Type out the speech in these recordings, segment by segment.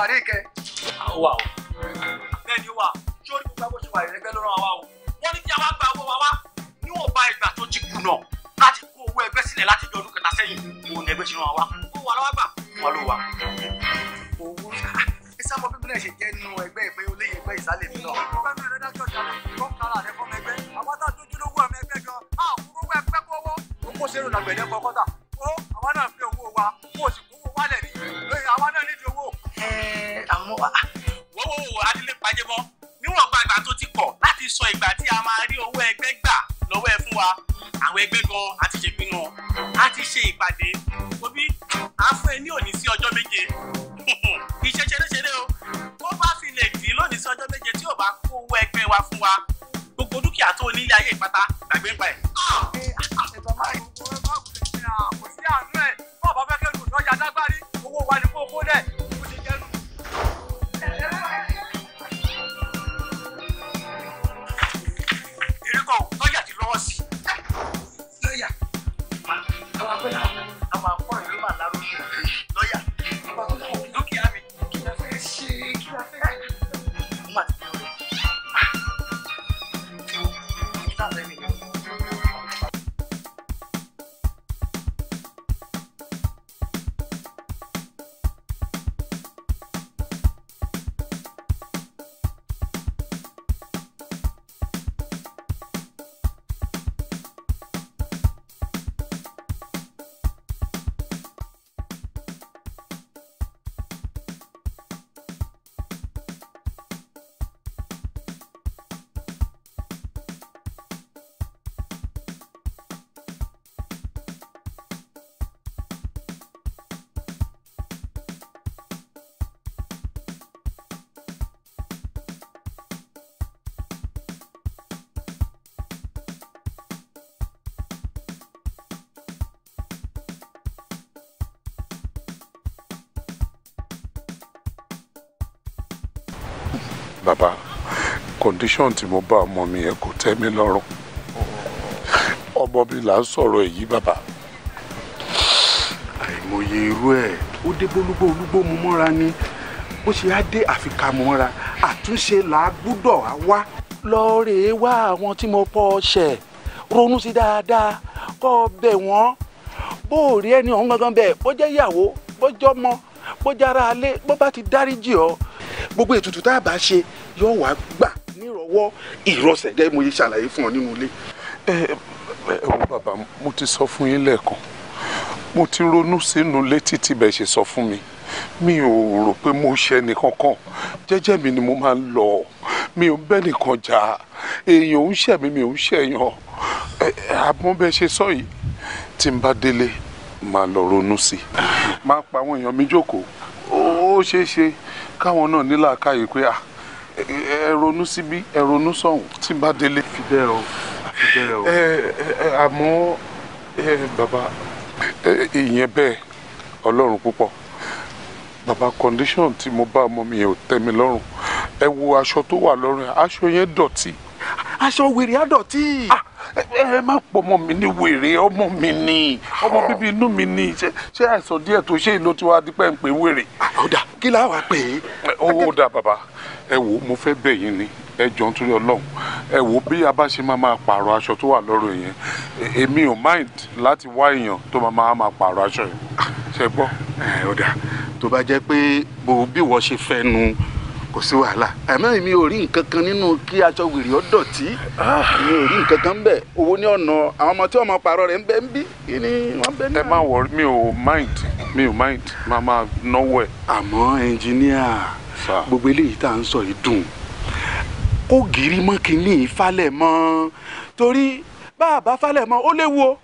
Parique. Uau. bàbá condition tí mo bá ọmọ mi yẹn kò tẹ́ mi lọ́rùn ọmọ mi là ń sọ̀rọ̀ èyí bàbá. àìmọye irú ẹ̀ ó dé gbólúgbó olúgbó mu mọ́ra ni bó ṣe á dé àfikà mọ́ra àtúnṣe là á gbúdọ̀ á wá. lọ́ọ̀rẹ́ wá àwọn tí mo pọ̀ ṣẹ̀ ronú sí dáadáa kọ́ ọ bẹ̀ bó o rí ẹni ọ̀hún gangan bẹ́ẹ̀ bó jẹ́ ìyàwó bó jọmọ bó jára alé bó bá ti dáríjì ọ gbogbo ètùtù tá a bá ṣe yóò wá gbà nírọ̀wọ́ ìrọsẹ̀ gẹ́gẹ́ mo ṣe ṣàlàyé fún ọ nínú ilé. ẹ ẹ wo bàbá mo ti sọ fún yín lẹ́ẹ̀kan mo ti ronú sínú létí tí bẹ́ẹ̀ ṣe sọ fún mi mi ò rò pé mo ṣe ẹnìkan kan jẹ́jẹ́ mi ni mo máa ń lọ mi ò ń nìkan jà èèyàn ń ṣẹ̀ mi mi ò ń ṣẹ̀yàn àmọ́ bẹ́ẹ̀ ṣe sọ yìí tí n bá délé máa lọ ronú sí i máa pa àwọn èèyàn mi jókòó ó ṣeé ṣe káwọn náà nílàákàyè pé ah ẹ ronú síbí ẹ ronú sọ̀hún tí n bá délé. fi bẹ́ẹ̀ o fi bẹ́ẹ̀ o. ẹ ẹ àmọ́ ẹ bàbá ìyẹn bẹ́ẹ̀ ọlọ́run púpọ̀ bàbá condition tí mo bá ọmọ mi yẹn ò tẹ́ mi lọ́rùn ẹ wo aṣọ tó wà lọ́rùn aṣọ yẹn dọ̀tí. aṣọ wèrè á dọ̀tí. Ah, ẹ má pọ ọmọ mi ní wèrè ọmọ mi ni ọmọ bíbí inú mi ni ṣé àìsàn díẹ̀ tó ṣe ìlú tí wàá dípẹ́ ń pè wèrè. ó kí láwa pè é. ó dà bàbá ẹ wò mo fẹ́ bẹ̀ yín ni ẹ jọ ń torí ọlọ́run ẹ wò bí a bá ṣe máa máa pààrọ̀ aṣọ tó wà lọ́rùn yẹn èmi ò mind láti wá èèyàn tó máa máa máa pààrọ̀ aṣọ yẹn ṣe gbọ́. ẹ ò tó bá jẹ́ pé bò bí wọ́n ṣe fẹ́ nu kò sí wàhálà àmọ́ èmi ò rí nǹkan kan nínú kí aṣọ wèrè ó dọ̀tí èmi ah. ò rí nǹkan kan bẹ́ẹ̀ owó ní ọ̀nà àwọn ọmọ tí ọmọ pààrọ̀ rẹ̀ ń bẹ ń bí kí ni wọ́n bẹ náà. ẹ má wọ mi ò mind mi ò mind máa máa náwó ẹ. àmọ́ ẹnjìníà gbogbo eléyìí tá à ń sọ yìí dùn kó gírí mọ́ kínní ìfalẹ̀ mọ́ torí bá a bá falẹ̀ mọ́ ó léwu o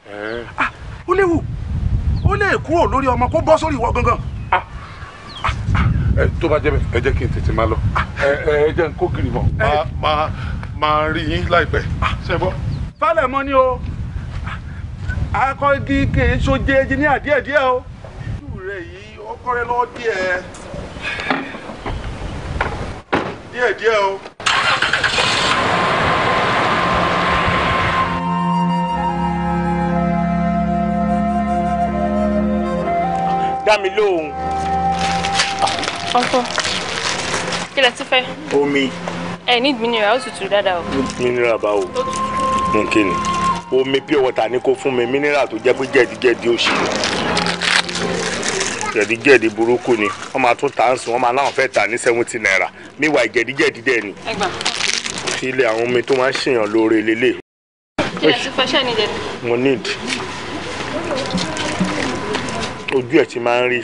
ah, ó léwu ó lè kúrò lórí ọmọ kó bọ́ sórí ìwọ gangan. Ah, ah, tó bá jẹ́ bẹ́ẹ̀ ẹ jẹ́ kí n tètè máa lọ ẹ jẹ́ n kó gírí mọ́ máa máa rí yín láìpẹ́ ṣe bọ́. falẹ̀ mọ́ ni o akọ́gi kì í sojé ẹjì ní àdíẹ̀díẹ̀ o. ìlú rẹ̀ yìí ọkọ rẹ lọ́ọ́ díẹ̀ díẹ̀díẹ̀ o. dá mi lóhùn. ọkọ kí lẹ ti fẹ́. omi. ẹ ní mineral ó tutù dáadáa o. mineral bá o n kí ni omi pure water ni kò fún mi mineral tó jẹ́ pé jẹ̀díjẹ̀dí ó ṣe jẹ̀díjẹ̀dí burúkú ni wọ́n máa tún tà ń sùn wọ́n máa láwọn fẹ́ tà ní seventy naira níwà ìjẹ̀díjẹ̀dí dẹ̀ ni. ilé àwọn omi tó máa ń ṣèyàn lóore lélẹ̀. mo need ojú ẹ̀ ti máa ń rí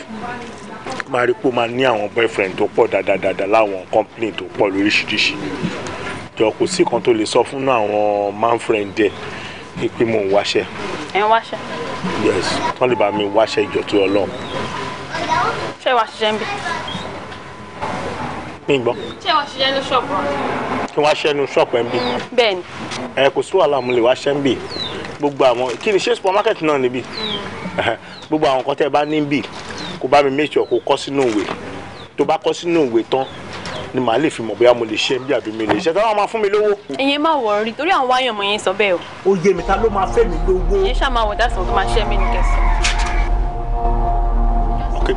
máa rí pé ó máa ní àwọn boyfriend tó pọ̀ dáadáa láwọn company tó pọ̀ lóríṣiríṣi jọ kò sí kan tó lè sọ fún àwọn man friend ẹ̀ pé mo ń wáṣẹ́. ẹ ń wáṣẹ́. yes wọ́n lè bá mi wáṣẹ́ ìjọ tó Ọlọ́run ṣé wàá ṣiṣẹ́ ń bì. mi gbọ́. ṣé wàá ṣiṣẹ́ ní ṣọ́ọ̀bù wa. kí wàá ṣiṣẹ́ ní ṣọ́ọ̀bù ẹ̀ ń bì. bẹ́ẹ̀ni. ẹ kò sí wàhálà mo lè wá ṣiṣẹ́ ń bì gbogbo àwọn kí ni ṣé supermarket náà níbí hmm. gbogbo àwọn nǹkan tẹ́ ẹ bá ní bì kó bá mi make sure kó kọ sínú ìwé tó bá kọ sínú ìwé tán ni màá lè fi mọ̀ bóyá mo lè ṣe bí àbí mi lè ṣe táwọn máa fún mi lówó. ìyẹn máa wọ̀ rí torí àwọn wáyàn mọ̀ yẹn sọ bẹ́ẹ̀ o. ó yé mi ta ló máa fẹ́ mi lówó. ìyẹn ṣáà máa wọ̀ dá tó máa ṣẹ́ mi nìkẹ́sì. Okay.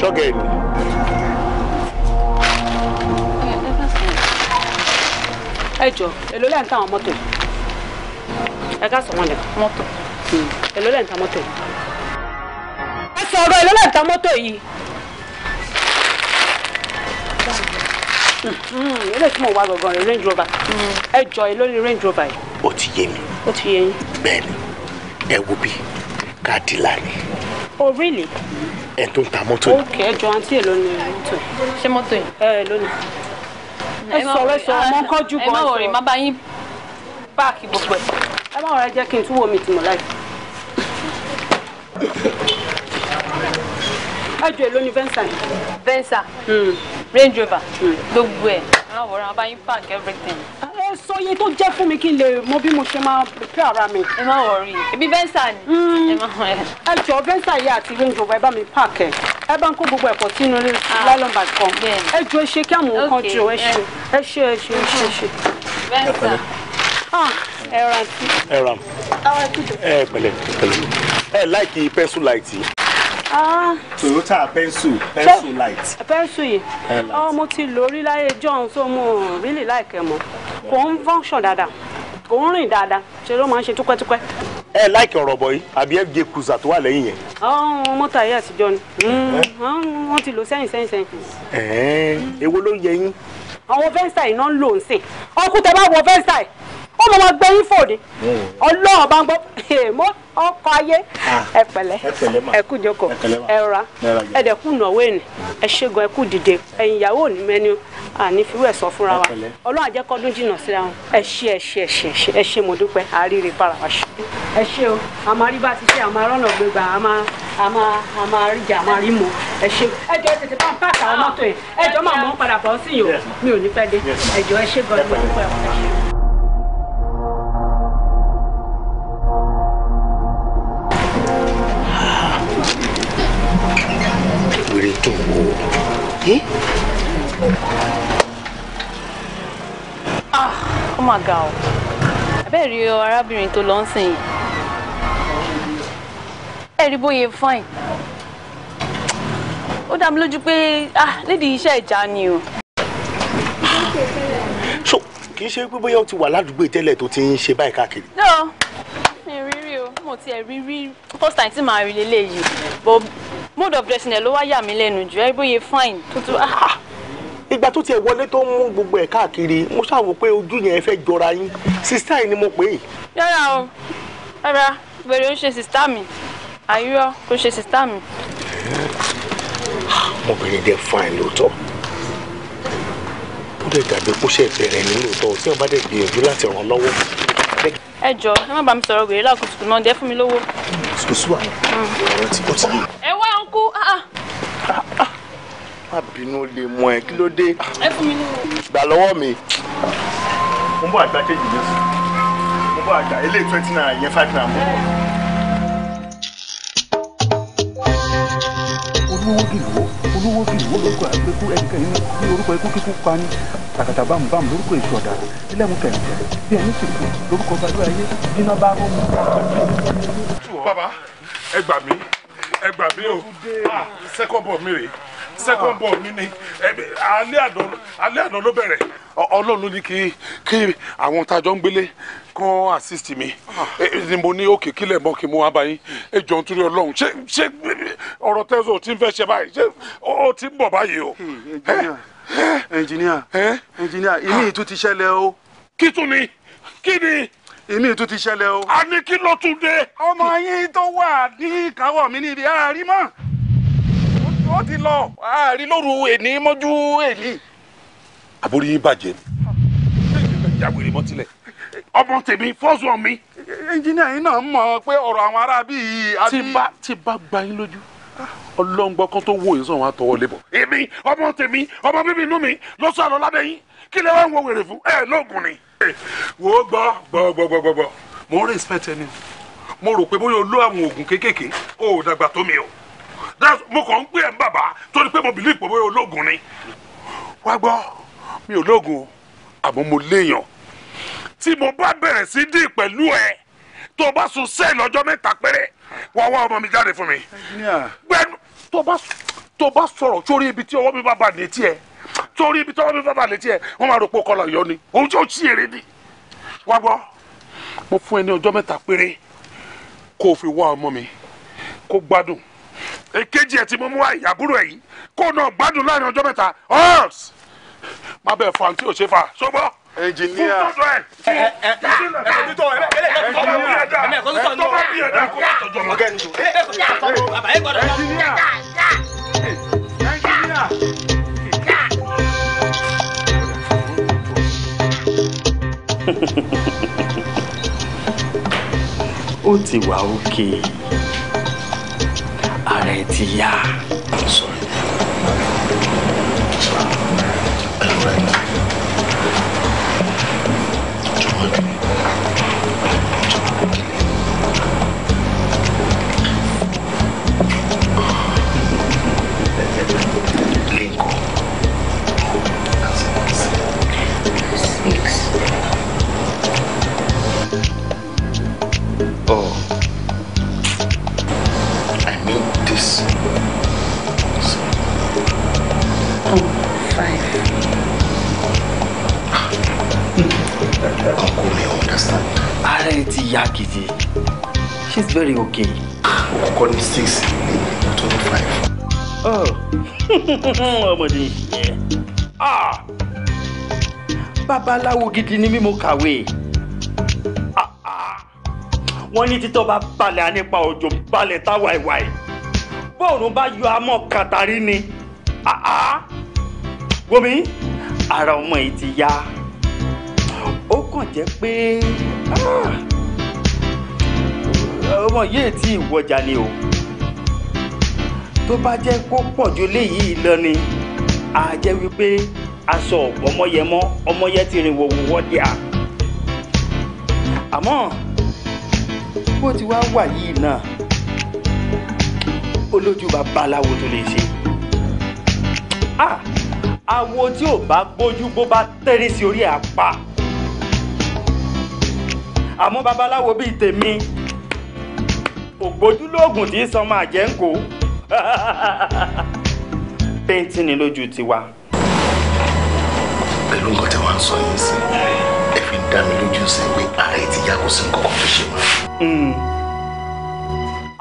Ṣọ́gẹ̀ ni. Ẹ jọ, èló lẹ́ ń ta àwọn mọ́tò yìí? Ẹ ká sọ wọn lẹ̀. Mọ́tò. Hmm. Èló lẹ́ ń mọ́tò yìí? Ẹ sọ̀rọ̀ èló lẹ́ ń mọ́tò yìí? ilé hmm, hmm, tí mo wá gangan rẹ range rover ẹ jọ ẹ lórí range rover yìí. ó ti yé mi. ó ti yé yín. bẹ́ẹ̀ni ẹ wo bí kádìlà ni. oh really ẹ̀ tó ń ta mọ́tò yìí. ok ẹjọ àǹtí èlò ni mọ́tò yìí ṣé mọ́tò yìí. ẹ ẹ lónìí. ẹ sọ̀rọ̀ ẹ sọ̀rọ̀ mọ́ kánjú kan sọ̀rọ̀. ẹ má wọrí má bá yín páàkì gbogbo ẹ̀. ẹ má wọrí jẹ́ kí n túwọ́ mi tì mọ́ láì. ẹ jọ èlò ni venza yìí. venza hmm. range rover hmm. gbogbo ẹ̀ ẹ má wọrí má bá yín páàkì everything. Ah, ẹ sọ iye tó jẹ́ fún mi kí n lè mọ bí mo ṣe máa prepare ara mi. ẹ má wọrí ebi Venza ni. Mm. ẹ jọ Venza yìí àti Range Rover ẹ bá mi park ẹ ẹ bá ń kó gbogbo ẹ̀kọ́ sínú ah. nylon bag kan ẹ jọ ẹ ṣe kí àwọn nǹkan jù ẹ ṣe ẹ ṣe ẹ ṣe ẹ ṣe. Venza. Ah, ẹ ra ti. ẹ ra ẹ pẹ̀lẹ́ pẹ̀lẹ́ ẹ láìkí pẹ́sù láìtì. Ah. Toyota pencil pencil light. pencil yìí ọ oh, mo ti lò láyé John so mo really like ẹ mọ kò ń function dáadáa kò ń rìn dáadáa ṣe ló máa ń ṣe túpẹ́túpẹ́. ẹ láìkì ọ̀rọ̀ bọ̀ yìí àbí fj cruiser tó wà lẹ́yìn yẹn. ọ̀hún oh, mọ́tò ayé àtijọ́ ni wọ́n mm. oh, ti lò sẹ́yìn sẹ́yìn sẹ́yìn. ẹ̀ẹ́n èwo ló ń yẹ yín. àwọn Venza iná ń lò ń sìn ọkùnrin tẹ bá wọ Venza ó mọ̀ máa gbé yín fòde ọlọ́run bá ń gbọ́ mọ́ ọkọ̀ ayé ah, ẹ pẹ̀lẹ́ ẹ kú jókòó ẹ ra ẹ dẹ̀ kú nàwó ẹ̀nì ẹ ṣẹ́gun ẹ kú dìde ẹ̀yìn ìyàwó ò ní mẹ́ni àní fi wẹ̀ sọ fúnra wa ọlọ́run àjẹkọ́dún jìnnà síra wọn ẹ ṣé ẹ ṣé ẹ ṣé ẹ ṣé ẹ ṣé mo dúpẹ́ àríire bára wa ṣe. ẹ ṣé o àmọ́ rí bá ti ṣe àmọ́ rọ́nà gbégbá àmọ́ àmọ́ àmọ́ ríjà àmọ́ rí mo ẹ ṣé. ẹ jọ tètè bá ń pàṣẹ àwọn mọ́tò yẹn ẹ jọ máa mọ́ padà bọ́ sí yìí o mi ò ní pẹ́ dé ẹ jọ ẹ ṣé gan-an mo dúpẹ́ wọn ẹ ṣé. wèrè tó wò ah ó mà ga o abẹ́ẹ̀ rí arábìnrin tó lọ ń sìn yìí ẹ rí bóyá fine ó dá mi lójú pé ah lédi iṣẹ́ ìjà ni o. so kì í ṣe pé bóyá o ti wà ládùúgbò tẹ́lẹ̀ tó ti ń ṣe báyìí káàkiri. no mi rírí o mo ti ẹ̀ rírí first time tí màá rí lélẹ́yìí mode of dressing ẹ̀ ló wá yà mí lẹ́nu jù ẹ́ bóyá fine tó tún ah, ah. ìgbà tó tiẹ̀ wọlé tó ń mú gbogbo ẹ̀ káàkiri mo ṣàwò pé ojú yẹn fẹ́ jọra yín sísá yìí ni mo pè é. yàrá o rárá wèrè ń ṣe sísá mi àyúrọ kò ṣe sísá mi. Ah, ọmọbìnrin dẹ fine lóòótọ́ ó dẹ̀ dàbí kó ṣe bẹ̀rẹ̀ ní lóòótọ́ tí wọ́n bá dẹ̀ gbìyànjú láti ràn án lọ́wọ́ ẹ jọ ẹ má bá mi sọ̀rọ̀ wèrè láàkó tuntun náà dẹ́ fún mi lówó. kò sí wàhálà hmm. ọ̀rọ̀ tí ó ti yé. ẹ wá ọkú. Ah, ah. má bínú lè mọ ẹ kí ló dé. ẹ fún mi lówó. gbà lọ́wọ́ mi. mo bọ́ àgbà kejì yẹn sùn mo bọ́ àgbà eléyìí twenty naira yẹn five naira mọ́. olówó bìlúwọ́ olówó bìlúwọ́ lórúkọ àgbẹ̀kú ẹnikẹ́ni ní orúkọ ikú kíkú pa ni tàkàtà bá ń bá ń lórúkọ èso ọ̀daràn ilẹ̀mú kẹ̀ǹtẹ̀ bí ẹni sùkú lórúkọ ọba ìlú ayé jiná bá rọ́ mu. bàbá ẹ gbà mí ẹ gbà mí o ah, second ball mi rè second ball mi ni alẹ́ àná alẹ́ àná ló bẹ̀rẹ̀ ọlọ́run ní kí kí àwọn tájọ́ ń gbélé kọ́ assist mi ah. eh, ni mo ní òkè kílẹ̀ mọ́ kí mo wá bá yín ẹ jọ ń torí ọlọ́run ṣé ṣé ọ̀rọ̀ tẹ́sán ò ti ń fẹ́ ṣe báyìí ṣé ó ti ń bọ̀ báyìí o. Hmm, ẹnjìníà ẹnjìníà imi ìtú ti ṣẹlẹ̀ o. kí tún ni kí ni. ìmí ìtú ti ṣẹlẹ̀ o. a ní kí ló tún dé. ọmọ yín tó wà ní ìkáwọ́ mi níbi àárín mọ́ ó ti lọ àárín lóru èní mọ́jú èní. àbúrò yín bàjẹ́ ìyàwó èrè mọ́ tilẹ̀ ọmọ tèmi fọ́sùn mi. ẹnjìníà yín náà mọ̀ pé ọ̀rọ̀ àwọn aráabí yìí. tí bá tí bá gba yín lójú ọlọ́ngbọ́n kan tó wò yín sọ̀rọ̀ wọn àtọwọ́ lébọ̀. èmi ọmọ tèmi ọmọ bíbí inú mi ló sọ àlọ́ lábẹ́ yín kí lè wá ń wo wèrè fún ẹ lóògùn ni. wò ó gbọ́ gbọ́ gbọ́ gbọ́ gbọ́ mo ń respect ẹni mo rò pé bóyá o lo àwọn oògùn kéékèèké o ò dàgbà tó mi o mo kàn ń pè ẹ́ ń bàbá torí pé mo believe pé bóyá olóògùn ni. wá gbọ́ mi ò lóògùn o àmọ́ mo léèyàn tí mo bá bẹ̀rẹ̀ sí dín pẹ̀lú ẹ tó o bá sun sẹ́ẹ̀ lọ́jọ́ mẹ́ta péré wá wá ọmọ mi jáde fún mi. gbẹnu tó bá sọ̀rọ̀ sórí ibi tí ọwọ́ mi bá bà létí ẹ torí ibi tí ọwọ́ mi bá bà létí ẹ wọ́n máa rò pé ọkọ làyọ ni òun tí ó ṣí èrè ni. wá gbọ́ mo fún ẹ ní ọjọ́ mẹ́ta péré kó o fi wá ọmọ mi kó gbádùn èkejì ẹ tí mo mú wá ìyàbúrò ẹ yìí kó náà gbádùn láàrin ọjọ́ mẹ́ta ọ́ọ̀sì má bẹ́ẹ̀ fa ohun tí ò ẹnjìníà ó ti wà òkè ara ẹ ti yá sọ̀rọ̀. nǹkan kò mi understand. ara ẹ ti yá gidi she is very okay. ọkọ ní six ní ìtọ́ ní five. Oh. ọmọdé yìí ah. babaláwo gidi ni mí mo kàwé ah, ah. wọ́n ní ojo bá ta wai wai. balẹ̀ tá wàìwàì bóòrùn bá yọ amọ̀ ah. ni gómìn ara ọmọ yìí ti yá kàn jẹ́ pé ah, ọmọ yìí tí ìwọjà ni o tó bá jẹ́ kó pọ̀ ju léyìí lọ ni a jẹ́ wípé aṣọ ọmọyẹmọ ọmọyẹ ti rìn wòwò wọ́dí à àmọ́ bó ti wá wà yìí náà olójú bàbá aláwo tó lè ṣe ah, awo tí ò bá gbójú bó bá tẹ́rí sí orí àpá àmọ́ babaláwo bíi tèmi ògbójúlóògùn tí sọmọ àjẹ́ ń kó péńtì ni lójú tiwa. pẹ̀lú nǹkan tí wọ́n ń sọ yìí sí ẹ fi dá mi lójú sí pé ààrẹ ti yá kó sí nǹkan kan tó ṣe mọ́. Hmm.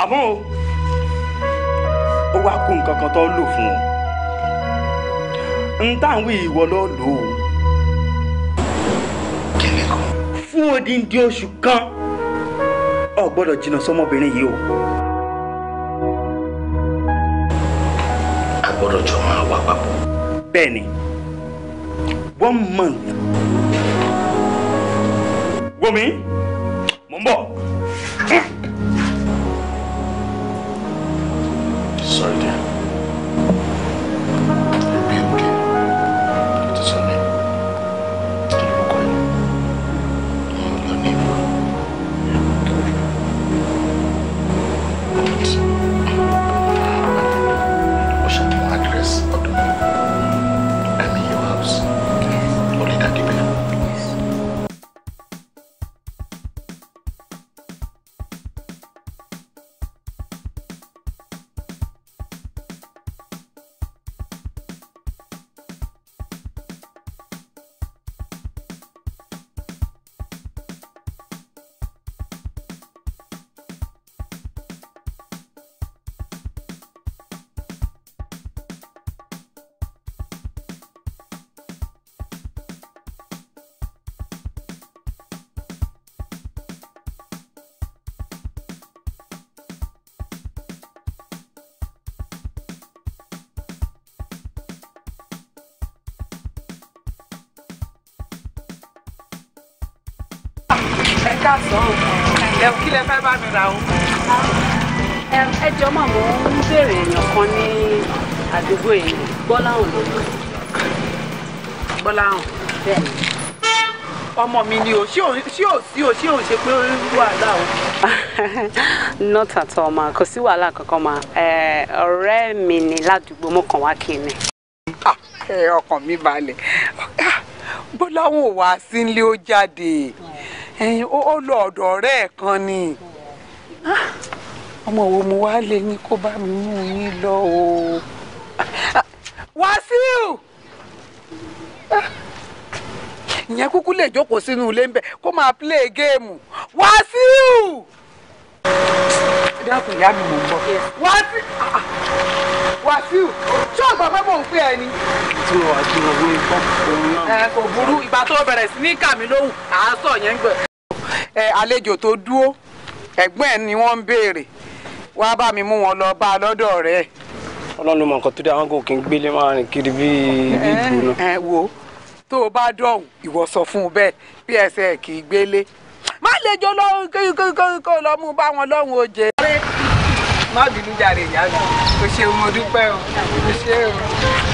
àmọ́ ó wá kó nǹkan kan tó lò fún ọ n táwọn ìwọ lọ lò ó. kí ni kan fún odindi oṣù kan o gbọ́dọ̀ jìnnà sọmọbìnrin yìí o. a gbọ́dọ̀ jọ máa wà papọ̀. bẹ́ẹ̀ni one month. wọmi mo ń bọ̀. sorry dear. É káàsán É kí lẹ fẹ́ bá mi ra o. ẹ jọ mọ̀ mo ń béèrè èèyàn kan ní àdúgbò yìí gbọ́láhùn ló lọ. gbọ́láhùn bẹ́ẹ̀ ni. ọmọ mi ni o ṣé ò sí o ṣé ò ṣe pé wàhálà o. not at all ma kò sí wàhálà kankan ma ọ̀rẹ́ mi ni ládùúgbò mo kàn wá kí ni. Ah, ọkàn mi balẹ̀ ah, bọ́láhùn ò wá sí nílé ó jáde ẹyin ó lọ ọ̀dọ̀ ọ̀rẹ́ ẹ̀ kan ni ah, ọmọ wo mo wá lé ní kó bá mi mú yín lọ o ah, Wàsíù ah, ìyẹn kúkú lè jókòó sínú ilé ń kó máa play géèmù Wàsíù dákun ìyá mi mò ń bọ̀. wàásù wàásù tí ọgbà pé ń pè ẹ ni. tí mo wà tí mo wí gbọ́ ẹ kò burú ìgbà tó bẹ̀rẹ̀ sí ní kà lóhùn àásọ̀ yẹn gbẹ. àlejò tó dúró ẹ̀gbọ́n ẹ̀ ni wọn ń béèrè wá bá mi mú wọn lọ bá a lọ́dọ̀ rẹ̀. ọlọ́run ló nǹkan tó dé àwọn gbélé máa kiri bíi bíi ẹ wo tó o bá dọ̀hùn ìwọ sọ fún un bẹ́ẹ̀ bí ẹsẹ̀ kì í gbélé má lè jó lọ́hùn lọ mú bá wọn lọ́hùn ó jẹ. má jàre ìyá mi kò ṣe o kò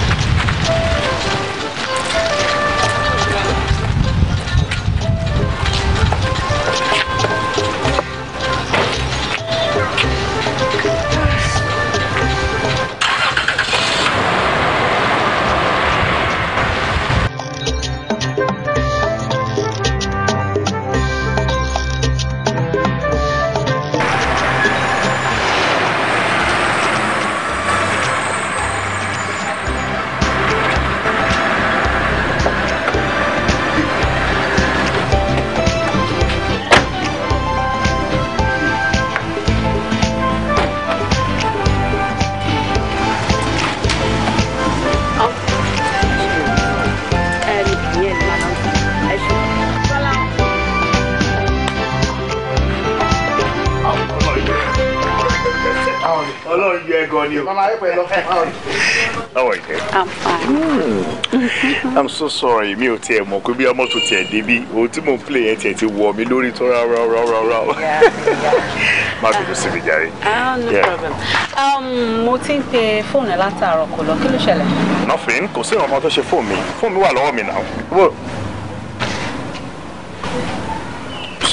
Ọlọ́run yọ ẹ̀gàn ni o. Mama ayé pẹ̀lú ọ̀fọ̀. How are I'm fine. Hmm. I'm so sorry mi ò tiẹ̀ mọ̀ pé bí ọmọ tó tiẹ̀ débi ohun tí mò ń play yẹn tiẹ̀ ti wọ̀ mí lórí tó rà rà rà rà rà. Má bínú sí mi jàre. Ah, no problem. Um, mo ti ń pe fóònù látàárọ̀ kò lọ kí ló ṣẹlẹ̀? Nothing kò sí ìrànlọ́wọ́ tó ṣe fóònù mi fóònù mi wà lọ́wọ́ mi náà.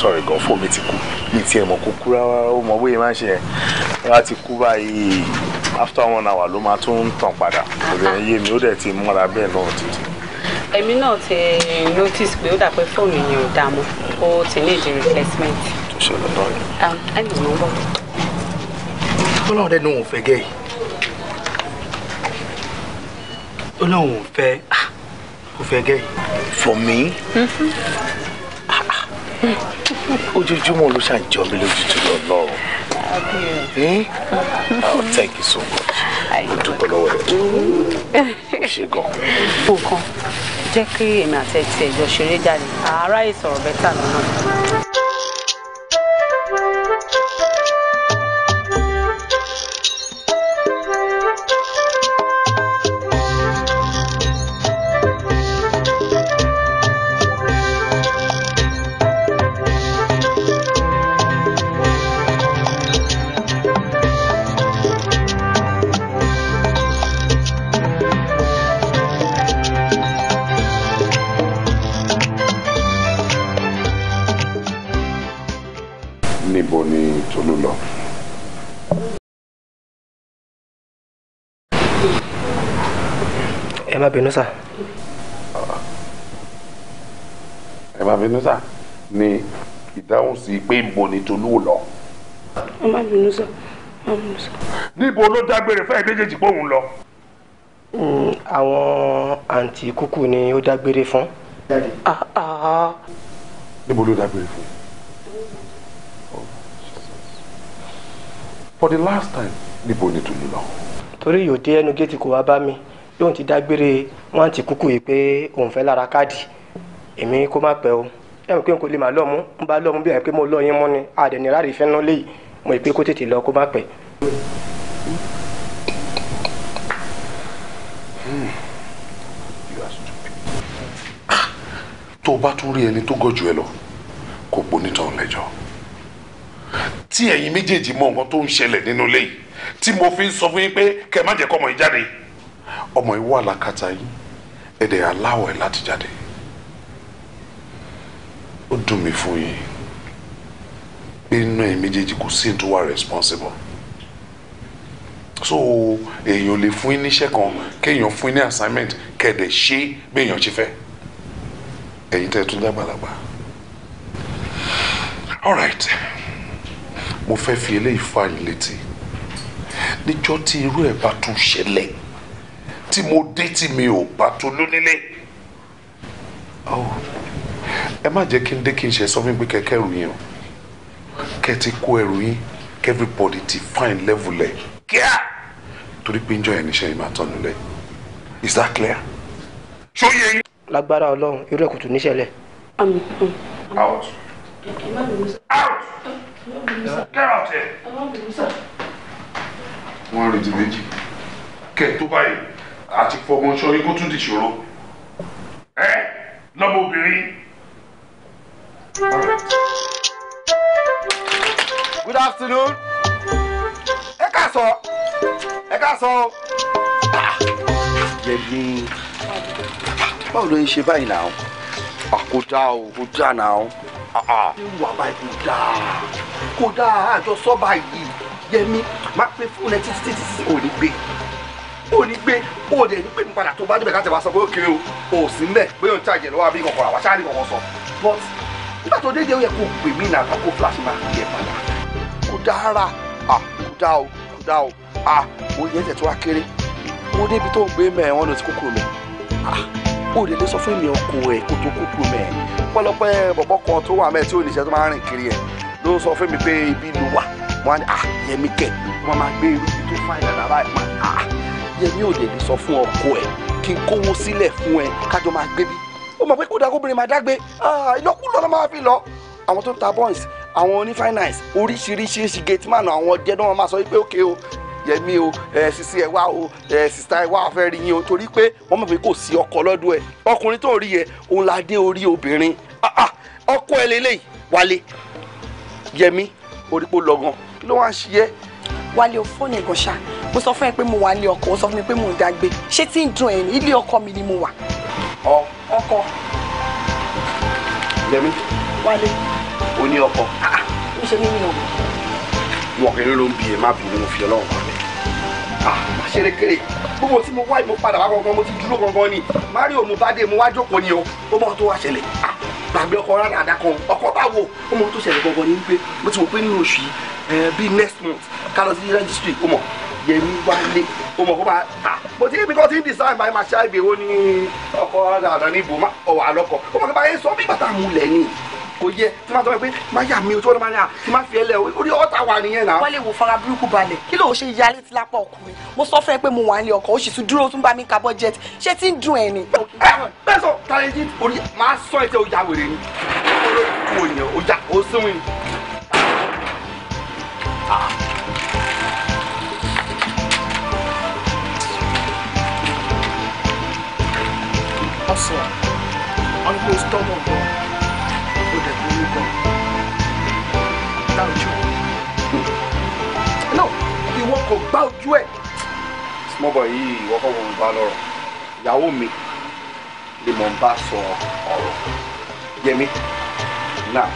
sọ̀rọ̀ gan fóun mi ti kú mi tiẹ̀ mọ̀ kó kúra ó mọ bóyá máa ń ṣe yẹn ti kú báyìí after one hour ló máa tún tàn padà kò lè mi ó dẹ̀ ti mọ́ra bẹ́ẹ̀ náà títí. èmi náà ti notice pé ó dà pé fóònù yẹn ò dá mọ́ ó ti ní ìdí replacement. tó ṣe lọ náà yẹn. ẹnì mò ń bọ̀. ọlọ́run dẹ́nu òun fẹ́ gẹ́ yìí ọlọ́run òun fẹ́ ah, òun fẹ́ gẹ́ yìí for me. Mm-hmm. Ah, ah ojoojúmọ́ ló ṣàn jọ mi lójú tó lọ lọ. thank you so much. mo dúpẹ́ lọ́wọ́ rẹ̀ ṣe gan. nǹkan jẹ́ kí èmi àti ẹ̀ tiẹ̀ jọ ṣeré jáde àárá ìsọ̀rọ̀ bẹ́tà lọ́nà. má bínú sà. ẹ má bínú sà ni ìdáhùn sí pé mo ní tolú lọ. ẹ má bínú sà má bínú sà. níbo ló dágbére fẹ́ẹ́ méjèèjì bóun lọ. Hmm, àwọn àǹtí kúkú ni ó dágbére fún. Ah, ah. níbo ló dágbére fún. for the last time níbo ni tolú lọ. torí yóò dé ẹnu géètì kó wá bá mi lóun ti dágbére wọn ti kúkú yìí pé òun fẹ́ lára káàdì èmi kó má pẹ́ o ẹ mọ̀ pé n kò lè má lọ́mú n bá lọ́mú bí i pé mo lọ́ yín ni àdẹ̀ni ráre fẹ́ ná léyìí mo ì pé kó tètè lọ kó má pẹ́. tó o bá tún rí ẹni tó gọ̀jù ẹ lọ kò gbónítàn lẹ́jọ́ tí ẹ̀yin méjèèjì mọ nǹkan tó ń ṣẹlẹ̀ nínú ilé tí mo fi ń sọ fún yín pé kẹ́ má jẹ́ kọ́mọ yín jáde ọmọ yìí wà lákàtà yìí ẹ̀dẹ̀ aláwọ̀ ẹ̀ láti jáde ó dùn mí fún yìí pé inú ẹ̀ méjèèjì kò sí ìtúwà responsible so èèyàn lè fún yín níṣẹ́ kan kéèyàn fún yín ní assignment kẹ̀dẹ̀ ṣe béèyàn ṣe fẹ́ ẹ̀yin tẹ́ tún dàgbàlagbà all right mo fẹ́ fi eléyìí fà yín létí níjọ́ tí irú ẹ̀ bá tún ṣẹlẹ̀ tí mo dé tí mi ò bá Tolú nílé ẹ má jẹ́ kí n dé kí n ṣe sọ fún mi pé kẹ́kẹ́ rù yín o kẹ́ ti kó ẹrù yín kẹ́ everybody ti fine level ẹ̀ kíá torí pé njọ́ yẹn níṣẹ́ yìí máa tọ́nu lẹ̀ is that clear? ṣó yẹ yín. lágbára ọlọ́run irú ẹ̀ kò tún níṣẹ̀lẹ̀. out. out. get out here. wọ́n rí ti méjì kẹ́ ẹ̀ tó báyìí àti fọgbọ́n sọ yín tún di ṣòro ẹ lọ́mọ obìnrin. good afternoon ẹ ká sọ ẹ ká sọ o. jẹ̀bi báwo ló ń ṣe báyìí náà kò dáa o kò dáa náà ìwà ah, ah. báyìí kò dáa kò dáa àjọsọ báyìí yẹmi má pé fún ẹ títí títí ò gbé ó ní gbé ó dẹ̀ ní pé mi tó bá débẹ̀ láti wá sọ pé ó kiri o ò sí mbẹ̀ pé ó ń charge lọ́wọ́ àbí kọ̀kọ̀rọ̀ àwa ṣáà ní kọ̀kọ̀ sọ but nígbà tó dédé ó yẹ kó pè mí náà kó flash máa fi ẹ̀ padà kò dára à kò dá o kò dá o à ó yẹ ẹsẹ̀ tó wá kéré ó débi tó ń gbé mẹ́ wọn lọ sí kókó mẹ́ à ó dẹ̀ lè sọ fún mi ọkọ ẹ̀ kó tó kókó mẹ́ pọ̀lọpọ̀ bọ̀bọ̀ kan tó wà mẹ́ẹ̀ tí ò ní iṣẹ́ tó máa ń rìn kiri ẹ̀ ló sọ fún mi pé ibi ló wà wọn á ní à yẹmi wọn máa gbé irú ibi tó fáìlà dábàá ẹ̀ máa à yẹmi ò lè sọ fún ọkọ ẹ kí n kówó sílẹ̀ fún ẹ kájọ máa gbé bí ó mọ̀ pé kódà kóbìnrin máa dágbé ah, ìlọkúlọ ló máa fi lọ àwọn tó ń ta bonds àwọn onífinance oríṣiríṣiríṣi gate man àwọn ọdẹ náà wọn máa sọ wípé òkè o yẹmi o ẹ sisi ẹ wá o ẹ sista ẹ wá fẹ́ rí yín o torí pé wọ́n mọ̀ pé kò sí ọkọ lọ́dún ẹ ọkùnrin tó ń rí yẹ òun la dé orí obìnrin ah, ah, ọkọ ẹ lélẹ́yìí wálé yẹmi orí pò lọ́gàn kí ló wá ń ṣiyẹ́ wálé o fọ́ọ̀nì ìgànṣá mo sọ fún ẹ pé mo wà nílé ọkọ ó sọ fún mi pé mo ń dágbé ṣé tí ń dùn ẹ ní ilé ọkọ mi ni mo wà. ọkọ. yẹmi. wálé. o ní ọkọ. o ah, ah. ṣe mímí ọkọ. wọn kì í ló ń bi ẹ má bínú mo fi Ọlọ́run pa mi. Ah, má ṣe rékèrè gbogbo tí mo wá ìmúpadà wá gangan mo ti dúró gangan ni mario mo bá dé mo wá jókòó ni o ó bọ́ tó wá ṣẹlẹ̀ gbàgbé ọkọ rárá àdá ọkọ báwo ó tó ṣẹlẹ̀ gbọ̀ngàn ní pé mo ti mọ̀ pé nínú oṣù yìí bíi next month ká lọ registry ó mọ̀ yẹmi wálé ó mọ̀ kó máa tà mo ti níbi kan ti ń design by maṣá ìgbéwó ní ọkọ rárá àdá ní ibò má ọ̀wà lọ́kọ̀ bá yẹn sọ bí bàtà múlẹ̀ ni kò yẹ tí máa sọ pé má yà mí o tí wọ́n máa ní à tí máa fi ẹlẹ́ o orí ọ̀tá wà nìyẹn náà. wọ́n lè wò fara burúkú balẹ̀ kí ló ṣe yalé ti lápá ọkùnrin mo sọ fẹ́ pé mo wà nílé ọkọ ó sì tún dúró tún bá mi ka budget ṣé tí ń dùn ẹ̀ ni. ẹ bẹ́ẹ̀ sọ tàlẹ́ jí orí máa sọ ẹ̀ tẹ́ o ya wèrè ni olórí kú òyìn ah. o ya o sínwó ni. Hustle, uncle's double gbá ojú no he kò gbá ojú ẹ. small boy he walk kọ́ valor. bá lọ́rọ̀ ìyàwó mi lè mọ̀ n bá sọ ọ̀rọ̀ yẹmi náà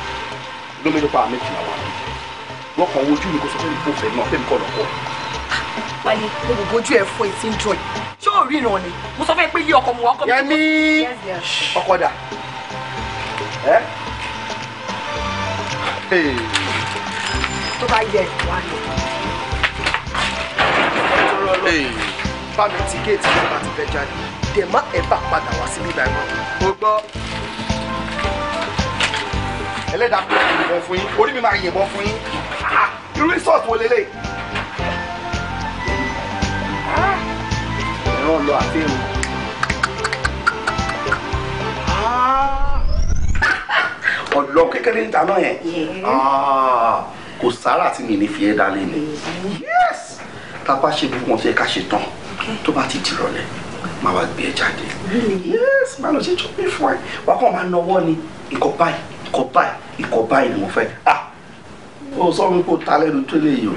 lómi ló pa àmì fìlà wà mí wọn kàn wojú mi kó sọ fún mi kó fẹ́ náà fẹ́mi kọ́ lọ́kọ́ wáyé mo wò bójú ẹ fọ èsì ń jọ yìí ṣé ò ríran ni mo sọ fún tó bá yẹ ìwà ni. bá mi ti géètì nípa ti fẹ́ jáde dẹ̀ má ẹ bá padà wá sí bíbá ẹ̀mọ́. mo gbọ́ ẹlẹ́dàá mi máa yìnbọn fún yín orí mi máa yìnbọn fún yín ah, irú ìsọ̀tún olélẹ̀. ẹ̀rọ ah. lọ àfihàn. Ah. ọ̀lọ́ kékeré ń ta yẹn kò sára tí mi ní fi dalẹ̀ ni yes tá a bá ṣe gbogbo wọn sí ẹ̀ka ṣe tán tó bá ti dìrọ̀lẹ́ máa wá gbé ẹ jáde yes máa lọ sí chopin fún ẹ wà á kàn máa nọwọ́ ni ìkọ̀ báyìí ìkọ̀ báyìí ìkọ̀ báyìí ni mo fẹ́ ah o sọ mi kò ta lẹ́nu tó lè yọ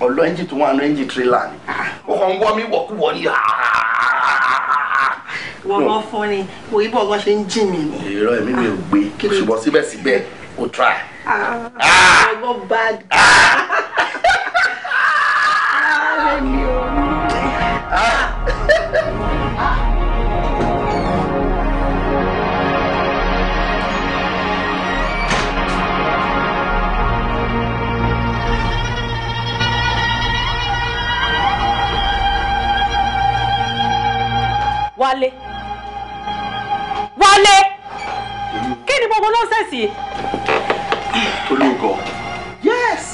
ọ̀lọ́ ẹ́ńjì tó wà ní ẹ́ńjì tírélà ni ó ah. kàn ń wọ́ mi wọ̀kúwọ̀ ni ah! wọ́n mọ́ fún ni òyìnbó ọgbọ́n ṣe ń jìn mí. èrò ẹ̀mí mi ò gbé ah, ṣùgbọ́n síbẹ̀síbẹ̀ o try. ah ah, ah i go bad. Ah. Ah. Oh. Wálé. Wálé. kí ni gbogbo nọ́ọ̀sẹ̀sì? olóògọ. yes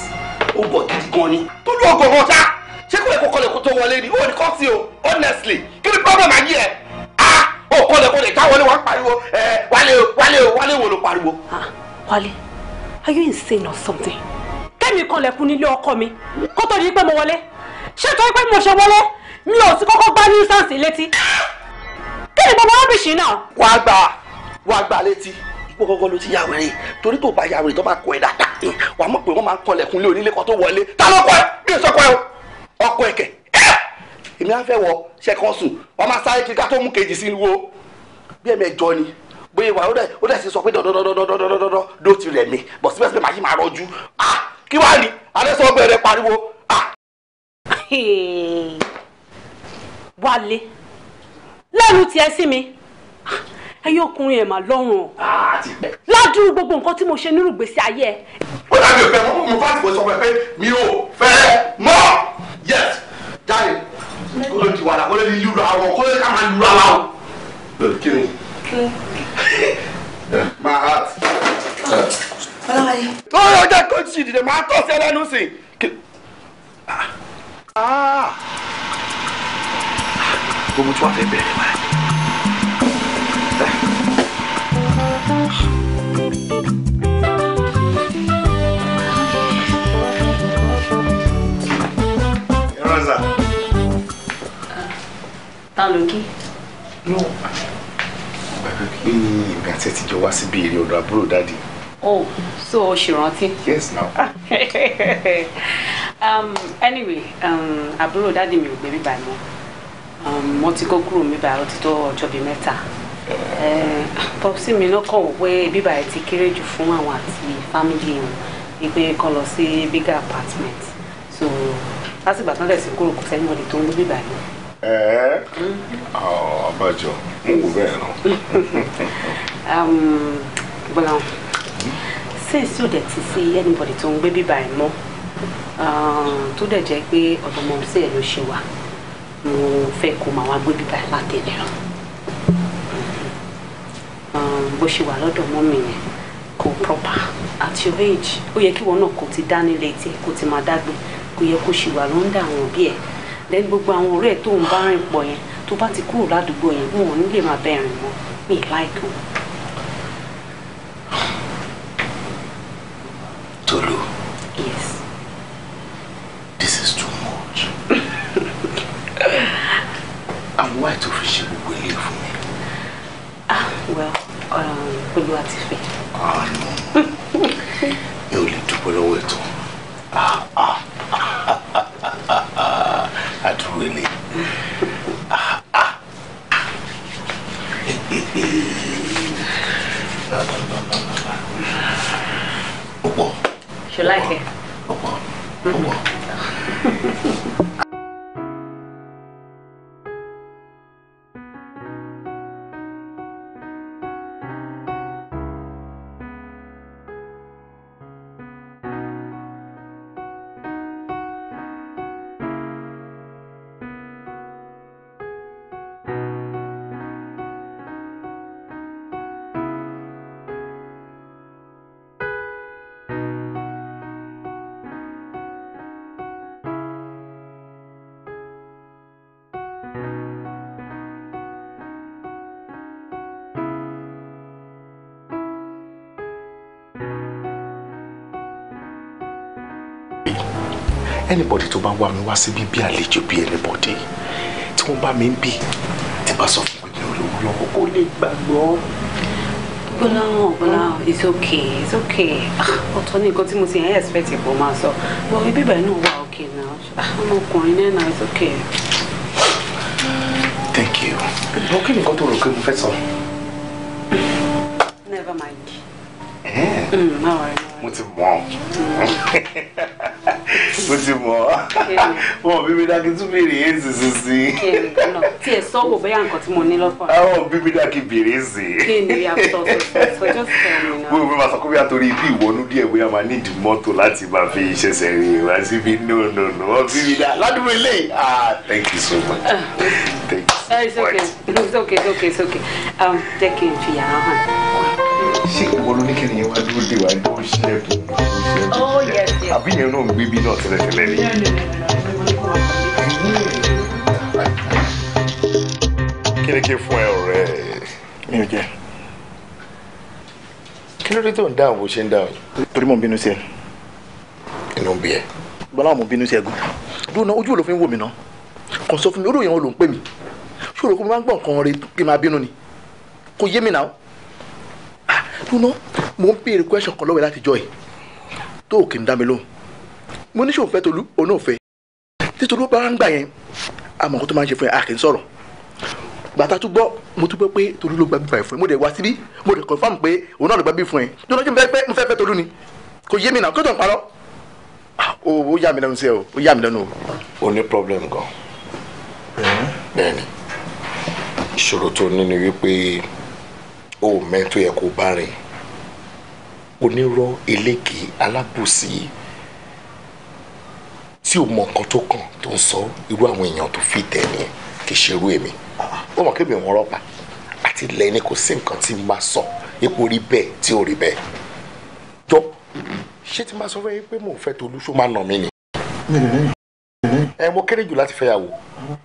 ògọ gidi gan ni. tójú ògọ kan ta ṣé kò lè kó kọlẹ̀ kó tó wọlé ni ó ní kọ́ sí o honestly kí ni problem ayé ẹ̀ ah ó kọlẹ̀ kó lè já wọlé wọn pariwo ẹ wálé o wálé o wálé wo ló pariwo. Ah, Wale, are you insane or something. kẹ́mi kanlẹ̀kùn nílé ọkọ mi kó tó di pé mo wọlé ṣé tó pé mo ṣe wọlé mi ò sí kọ́kọ́ gbá nuisance létí kí ni mo mọ ọ́bìṣì náà. wàá gbà wàá gbà létí ìpò ló ti ya wèrè torí tó bá ya wèrè tó bá kọ ẹ dáadáa ẹ wà á mọ̀ pé wọ́n máa ń kọlẹ̀kùn lé onílé kan tó wọlé ta ló kọ ẹ bí èso kọ ẹ o ọkọ ẹkẹ ẹ èmi á fẹ́ wọ ṣẹkọ̀ọ́sù wọ́n máa sáré kí tó mú kejì sí wo bí ẹ̀mẹ̀ jọ ni bóyá wà ó dẹ̀ sì sọ pé dọ̀dọ̀dọ̀dọ̀dọ̀dọ̀ ló ti rẹ̀ mi bọ̀ síbẹ̀síbẹ̀ màá yí máa rọjú ah ẹyọ ọkùnrin ẹ mà lọ́rùn. Ah, ládùúrú gbogbo nǹkan tí mo ṣe nínú ìgbésí ayé ẹ. ó dàbí òfin mo mo fà tìbò sọ fún pé mi ò fẹ́ mọ́ yes jáde kó ló di wàhálà kó ló di lura àwọn kó ló ká máa lura wa o. kí ni my heart. tó yọ jẹ́ kó ṣì dìde máa tọ́ sí ẹlẹ́nu sí i. Ah. Ah. gbogbo tí wàá fẹ́ bẹ̀rẹ̀ báyìí. Rosa. Ta ló kí? No. Gbàgbé kí ìgbà tí ẹ ti jọ wá síbi èrè ọ̀dọ̀ àbúrò dáàdì. Oh, so o ṣì rántí? Yes, now. Ah, um, anyway, um, àbúrò dáàdì mi ò gbé mi báyìí mọ́. Mo um, ti kó kúrò mi báyìí ó tó ọjọ́ bíi mẹ́ta. Eh, pọpsi mi náà kàn wípé bíbá ẹ ti kéré jù fún àwọn àti fámìlì wọn wípé kàn lọ sí bigger apartment so lásìgbà tán lẹ̀ sí kúrò kò sẹ́ni mọ̀lẹ́ tó ń lọ bíbá yìí. ẹ̀ẹ́ eh, mhm. ah, àbájọ mo wò bẹ́ẹ̀ náà. gbọ́dọ̀ um, since yóò dẹ̀ ti sí anybody tó ń gbé bíbá ẹ̀ mọ́ ah, tó dẹ̀ jẹ́ pé ọ̀dọ̀mọ̀ọ́sẹ̀ ló ṣe wà mo fẹ́ kó máa wá gbé bíbá ẹ̀ látẹ̀lẹ́ràn bó ṣe wà lọ́dọ̀ mọ́ mi yẹn kò proper at your age ó yẹ kí wọn náà kò ti dá nílé tí kò ti máa dágbé kò yẹ kó ṣe wà lọ́ndà àwọn òbí ẹ̀ then gbogbo àwọn ọ̀rẹ́ tó ń bá rìn pọ̀ yẹn tó bá ti kúrò ládùúgbò yẹn wọn ò ní lè máa bẹ̀rẹ̀ mọ́ mi láìpẹ́ wọn. anybody tó bá wá mi wá síbí bí àlejò bí anybody tí wọ́n bá mi ń bì tí bá sọ fún mi olówó lọ́wọ́ kó lè gbàgbọ́. gbọ́láhàn gbọ́láhàn it's okay it's okay ah, ọ̀tọ̀ ní nǹkan tí mo ti ẹ̀ expect ìbò máa sọ bọ́ ibi bẹ́ẹ̀ náà wà okay now ah, ọmọkùnrin náà náà it's okay. thank you. bọ́ kí nìkan tó rò pé mo fẹ́ sọ. never mind. Eh? Mm, all right. Mo ti mọ̀. Mm mo ti mọ̀ ọ́ wọn bí mi dá tún béèrè yé sísè sí. tí ẹ sọ wò bẹ́yà nǹkan tí mo ní lọ́pọ̀. àwọn bí mi dá kí béèrè kí ni yàtọ̀ sọ̀tọ̀ just tell wọ́n mi máa sọ pé àtòrí ibi ìwọ́nú díẹ̀ bóyá máa nídìí mọ́tò láti máa fi iṣẹ́ sẹ́yìn wá síbi no no no wọ́n bí mi dá ládùúgbò ilé ah thank you so much ah. thank you so eh, much. it's okay it's okay it's okay it's okay Um, kí n fi yàrá hàn ṣé ìwọ ló ní kí nìyẹn wá dúró dè wá ní ó ṣe é bò ó ṣe é bò àbí yẹn náà ń gbé bí náà tẹ́lẹ̀tẹ́lẹ̀ rí. kí ni kí n fún ẹ ọ̀rẹ́ mi ò jẹ kí ló dé tó ń dáhùn bó ṣe ń dáhùn. torí mò ń bínú sí sọ fún mi olóòyìn ò ló ń pè mí ṣòro kó máa ń gbọ́ nǹkan rẹ kí n máa bínú ni kò yé mi náà kúná mo ń béèrè question kan lọ́wọ́ láti jọ ẹ̀ tó kì í dá mi lóhùn mo ní sòfẹ́ tolú òun náà fẹ́ títolú bá ń gbà yẹn àmọ́ kó tó máa ń ṣe fún yẹn a kì í sọ̀rọ̀ gbàtà tó gbọ́ mo tún gbọ́ pé tolú ló gba bí ẹ fún ẹ mo dẹ̀ wá síbí mo dẹ̀ confirm pé òun náà ló gba bí fún ẹ jọ́nà jẹ́ mo fẹ́ fẹ́ tolú ni kò yé mi náà kó tó ń parọ́ ah, o ò yà mí lẹ́nu sí ẹ o ò yà mí lẹ́nu o. o ní problem gan bẹ́ẹ̀ni ìṣòro tó ní ni wípé o mẹ́tò yẹ kó bá rìn onírọ́ eléke alábòsí tí o mọ nǹkan tó kàn tó ń sọ irú àwọn èèyàn tó fi tẹ̀ yẹn kì í ṣerú èmi ó mọ̀ kébì wọn rọ́pà àti lẹ́ni kò sí nǹkan tí n bá sọ ipò rí bẹ́ẹ̀ tí ò rí bẹ́ẹ̀ jọ ṣé tí n bá sọ fẹ́ pé mò ń fẹ́ Tolú máa nà mí ni. ẹ mo kéré jù láti fẹ́ yàwó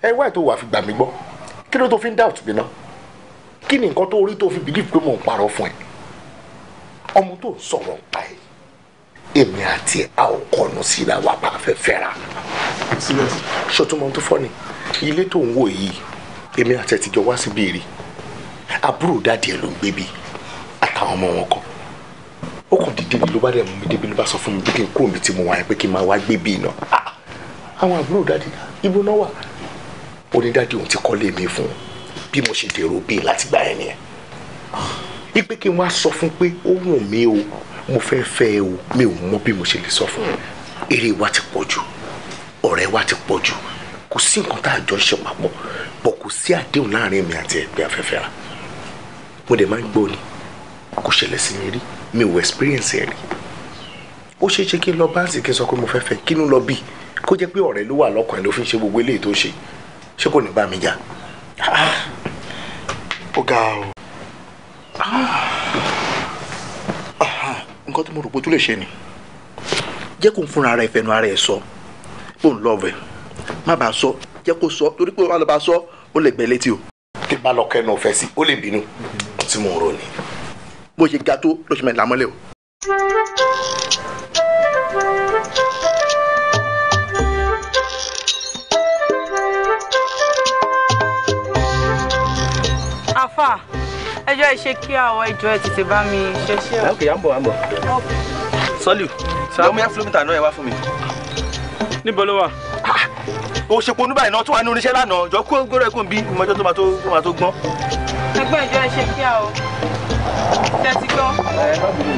ẹ wáyé tó wà fi gbà mí gbọ́ kí ló tó fi ń dáàtú mi náà kí ni nǹkan tó rí tó fi bìlíf pé mò ń parọ́ fún ẹ ọmọ tó sọ̀rọ̀ pa ẹ èmi àti ẹ a ò kọnu síra wa bá a fẹ́ fẹ́ra ṣòtúmọ̀ tó fọ́ ni ilé tó ń wò yìí èmi àti ẹ ti jọ wá síbí rí àbúrò dáàdì ẹ ló ń gbé bí àtàwọn ọmọ wọn kan ó kàn dìde mi ló bá dẹ̀ mú mi débi ló bá sọ fún mi pé kí n kúrò mi tí mo wà yẹn pé kí n máa wá gbé iná ah! àwọn àbúrò dáàdì ibo náà òun ti kọ́lé mi fún un bí mo ṣe dèrò bíi látìgbà yẹn nìyẹn ipe kí n wá sọ fún pé ó wù mí o mo fẹ́ fẹ́ o mi ò mọ bí mo ṣe lè sọ fún un eré wa ti pọ̀ jù ọ̀rẹ́ wa ti pọ̀ jù kò sí nǹkan tá a jọ ṣe papọ̀ bọ̀ kò sí àdéhùn láàrin mi àti ẹgbẹ́ afẹ́fẹ́ ra mo dẹ̀ máa ń gbọ́ ni kò ṣẹlẹ̀ sí mi rí mi ò experience ẹ̀ rí ó ṣeé ṣe kí n lọ báǹsì kí n sọ pé mo fẹ́ fẹ́ kí n lọ bí kó jẹ́ pé ọ̀rẹ́ ló wà lọ́kàn ẹ̀ ló fi ń ṣe gbogbo eléyìí tó ṣe ṣé kò ní bá mi jà. Ah. ó ga o ah. Ah, nǹkan tí mo rò pé tó lè ṣe ni jẹ́ kó ń fúnra rẹ̀ fẹnu ara ẹ̀ sọ bó ń lọ́ọ̀bù ẹ̀ má bàa sọ jẹ́ kó sọ torí pé wọ́n bá sọ ó lè gbẹ létí o. tí bá lọ kẹnu ọ̀fẹ́ sí ó lè bínú tí mo rò ni. bó ṣe ga tó ló ṣe o. ẹjọ́ ìṣe kí àwọn ìjọ ẹ tètè bá mi ṣe ṣe. ẹ kì í àmbọ̀ àmbọ̀. sọ́lù lọ́mú yá fúlómítà náà ẹ wá fún mi. níbo ló wà. Ah, o ṣe ponú báyìí náà tó wà ní oníṣẹ́ lánàá jọ kó gbọ́dọ̀ kó ń bí ìmọ̀jọ́ tó máa tó gbọ́n. ẹgbẹ́ ìjọ ẹ kí a o tẹ́tí gbọ́. ẹ má bìrì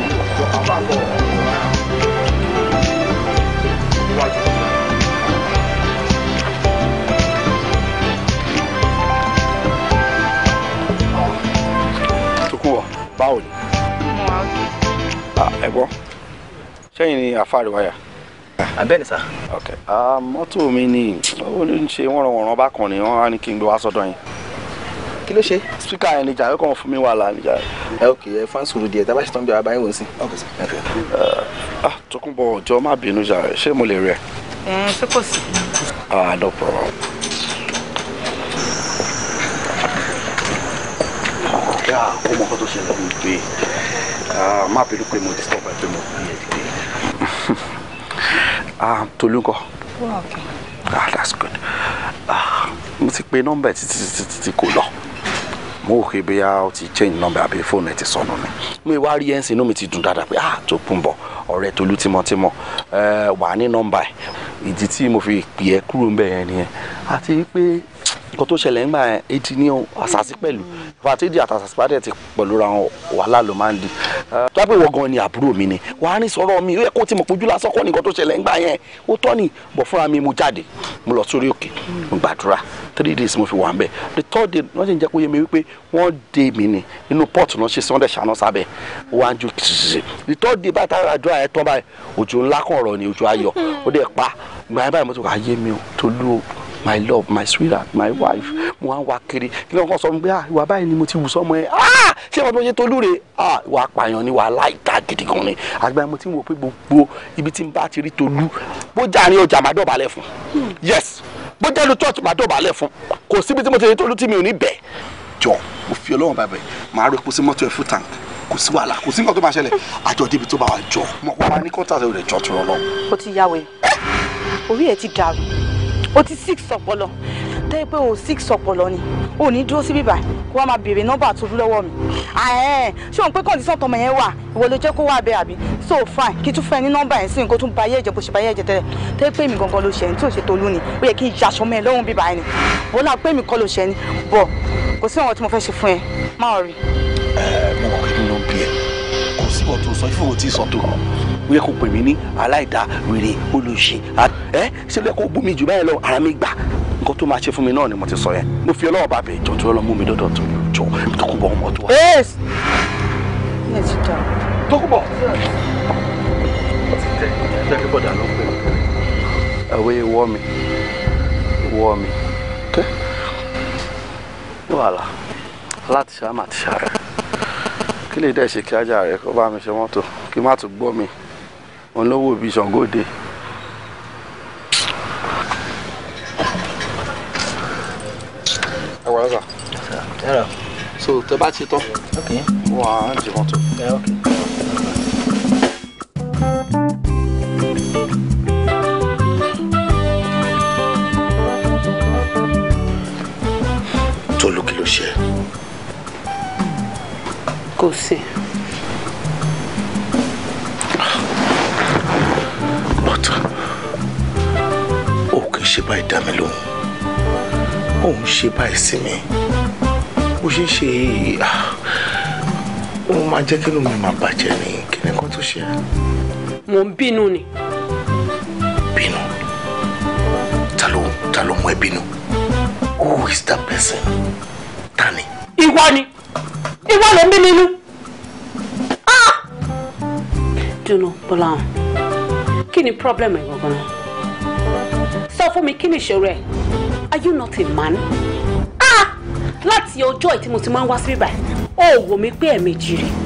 ìjọ báwo ni. Ah, ẹ gbọ́ sẹ́yìn ni àfáàrí wáyà. abẹ́ni sá. Ah, mọ́tò mi ni ó ń ṣe wọ́nranwọ̀nran bákan ni wọ́n á ní kí n gbé wá sọ́dọ̀ yín. kí ló ṣe. spíkà yẹn níjà yóò kàn fún mi wàhálà níjà. ẹ ok ẹ fún sùúrù díẹ̀ tábà ṣe tán bí ara báyìí wò sí. Ah, Tókunbọ̀ ọjọ́ má bínú jà ṣé mo lè rí ẹ. ẹ ṣé kò sí. ah no problem. ṣá ọmọ kan tó ṣẹlẹ̀ mi pé má bínú pé mo disturb ẹ pé mo fi ẹ dìde. Tolú ńkọ́. ah that's good mo ti pe nọ́mbà ẹ títí títí tí kò lọ mo rò pé bóyá change number àbí fóònù ẹ ti sọnù ni mo ìwà rí ẹ ń sin inú mi ti dùn dáadáa ah tó pumbo. bọ̀ ọ̀rẹ́ Tolú tímọ́tímọ́ Eh, ní nọ́mbà ẹ ìdí tí mo fi pè ẹ́ kúrò ń bẹ̀ yẹn nǹkan tó ṣẹlẹ̀ ńgbà yẹn ní àṣàṣì pẹ̀lú fàtí èdè àtàṣàṣì pàdé ti pẹ̀lú ra wàhálà ló máa ń di tó bá pè wọ́n gan ni àbúrò mi ni wàá ní sọ̀rọ̀ mi ó yẹ kó ti mọ̀ pójú lásán kọ́ nìkan tó ṣẹlẹ̀ ńgbà yẹn ó tọ́ ni bọ̀ fúnra mi mo jáde mo lọ sórí òkè mo gbàdúrà three days mo fi wà ńbẹ̀ the third day wọ́n ti ń jẹ́ kó yé mi wípé wọ́n dé mi ni inú port náà ṣe sunday ṣáná sábẹ́ wọ́n á ju kìsìsì the third day báyìí táwọn àjọ àyẹ̀tọ́ báyìí òjò ńlá kàn rọ̀ ni òjò ayọ̀ ó dẹ̀ pa gbàyàn báyìí mo ti wà á yé mi o tó lú o my love my sweetheart my wife mo wá ń wa kiri kí lóun kàn sọ pé ah ìwà báyìí ni mo ti wù sọmọ ẹ ah ṣé wọn tó ṣe tolú rè ah ìwà apààyàn ni wàá láìka gidi gan ni àgbà mo ti ń wò pé gbogbo ibi tí n bá ti rí tolú bó jàrin ọjà má dọ̀bálẹ̀ fún yes bó jẹ́ church má dọ̀bálẹ̀ fún kò síbi tí mo ti rí tolú tí mi ò ní bẹ̀ jọ mo fi ọlọ́run bàbẹ̀ màá rí epo mọ́tò ẹ̀ fún tank kò sí wàhálà kò sí nǹkan tó máa ṣẹlẹ̀ àjọ débi tó bá wà jọ mọ̀ wá ní kọ́ńtà rẹ̀ jọ tó rọ lọ. ó ti yáwèé orí ẹ̀ ti dàrú o ti six ọpọlọ tẹ́ pé o six ọpọlọ ni o ní dúró síbí báyìí kó wá máa béèrè nọ́mbà tó lọ́wọ́ mi ṣé òun pé kọ́ndíṣàn tọmọ yẹn wà ìwọ ló jẹ́ kó wà bẹ́ẹ̀ àbí so fine kí tún fẹ́ ní nọ́mbà yẹn sí nǹkan tó ń ba ayé ẹ̀jẹ̀ bó ṣe ba ayé ẹ̀jẹ̀ tẹ́lẹ̀ tẹ́ pé mi gangan ló ṣẹ̀ ní tí ò ṣe tolú ni ó yẹ kí n yaṣọ mẹ́ lọ́hùn bíbá ẹni wọ́n náà pé mi kọ́ ló ṣẹ̀ ni bọ̀ kò sí àwọn tí mo fẹ́ ṣe fún ẹ má rí. ẹ mo mọ̀ pé nínú bí ẹ kò sí ìwọ tó sọ ìfowó tí ì sọ tó wíyẹ kó pè mí ní aláìdá wèrè olùṣe ẹ ṣe bẹ́ẹ̀ kó bú mi jù báyìí lọ ara mi gbà nǹkan tó máa ṣe fún mi náà ni mo ti sọ yẹn mo fi ọlọ́wọ́ bá bẹ̀ jọ tó lọ mú mi dọ́dọ̀ tó jọ tọkùbọ̀ ọmọ tó wà. tọkùbọ̀ ẹ̀wẹ̀ wọ́ mi wọ́ mi wàhálà láti ṣàmà ti ṣàrẹ̀ kí lè dẹ́ ṣe kí ajá rẹ̀ kó bá mi ṣe mọ́tò kí má tún gbọ́ mi òun ló wò bí Ṣàngó dé. ẹ wà lọ́sà. ẹ so tẹ bá ti tán. ok. wà á jìbọn tó. ok. tolu kí ló ṣe. kò sí. ṣe báyìí dá mi lóhùn ó ń ṣe báyìí sí mi bó ṣe ń ṣe ah, ó máa jẹ́ kí inú mi máa bàjẹ́ ní kíní kan tó ṣe. mò ń bínú ni. bínú ta ló ta ló mú ẹ bínú who is that person ta ni. ìwọ ni ìwọ ló ń bí mi nú. Ah! dunu bọ́lá kí ni problem ẹ̀ gbọ́ngàn náà fún mi kí ni ìṣòro ẹ are you not a man ah láti ọjọ́ ìtí mo ti máa ń wá sí bíbá ẹ ó wò mí pé ẹ̀ẹ̀mejì rèé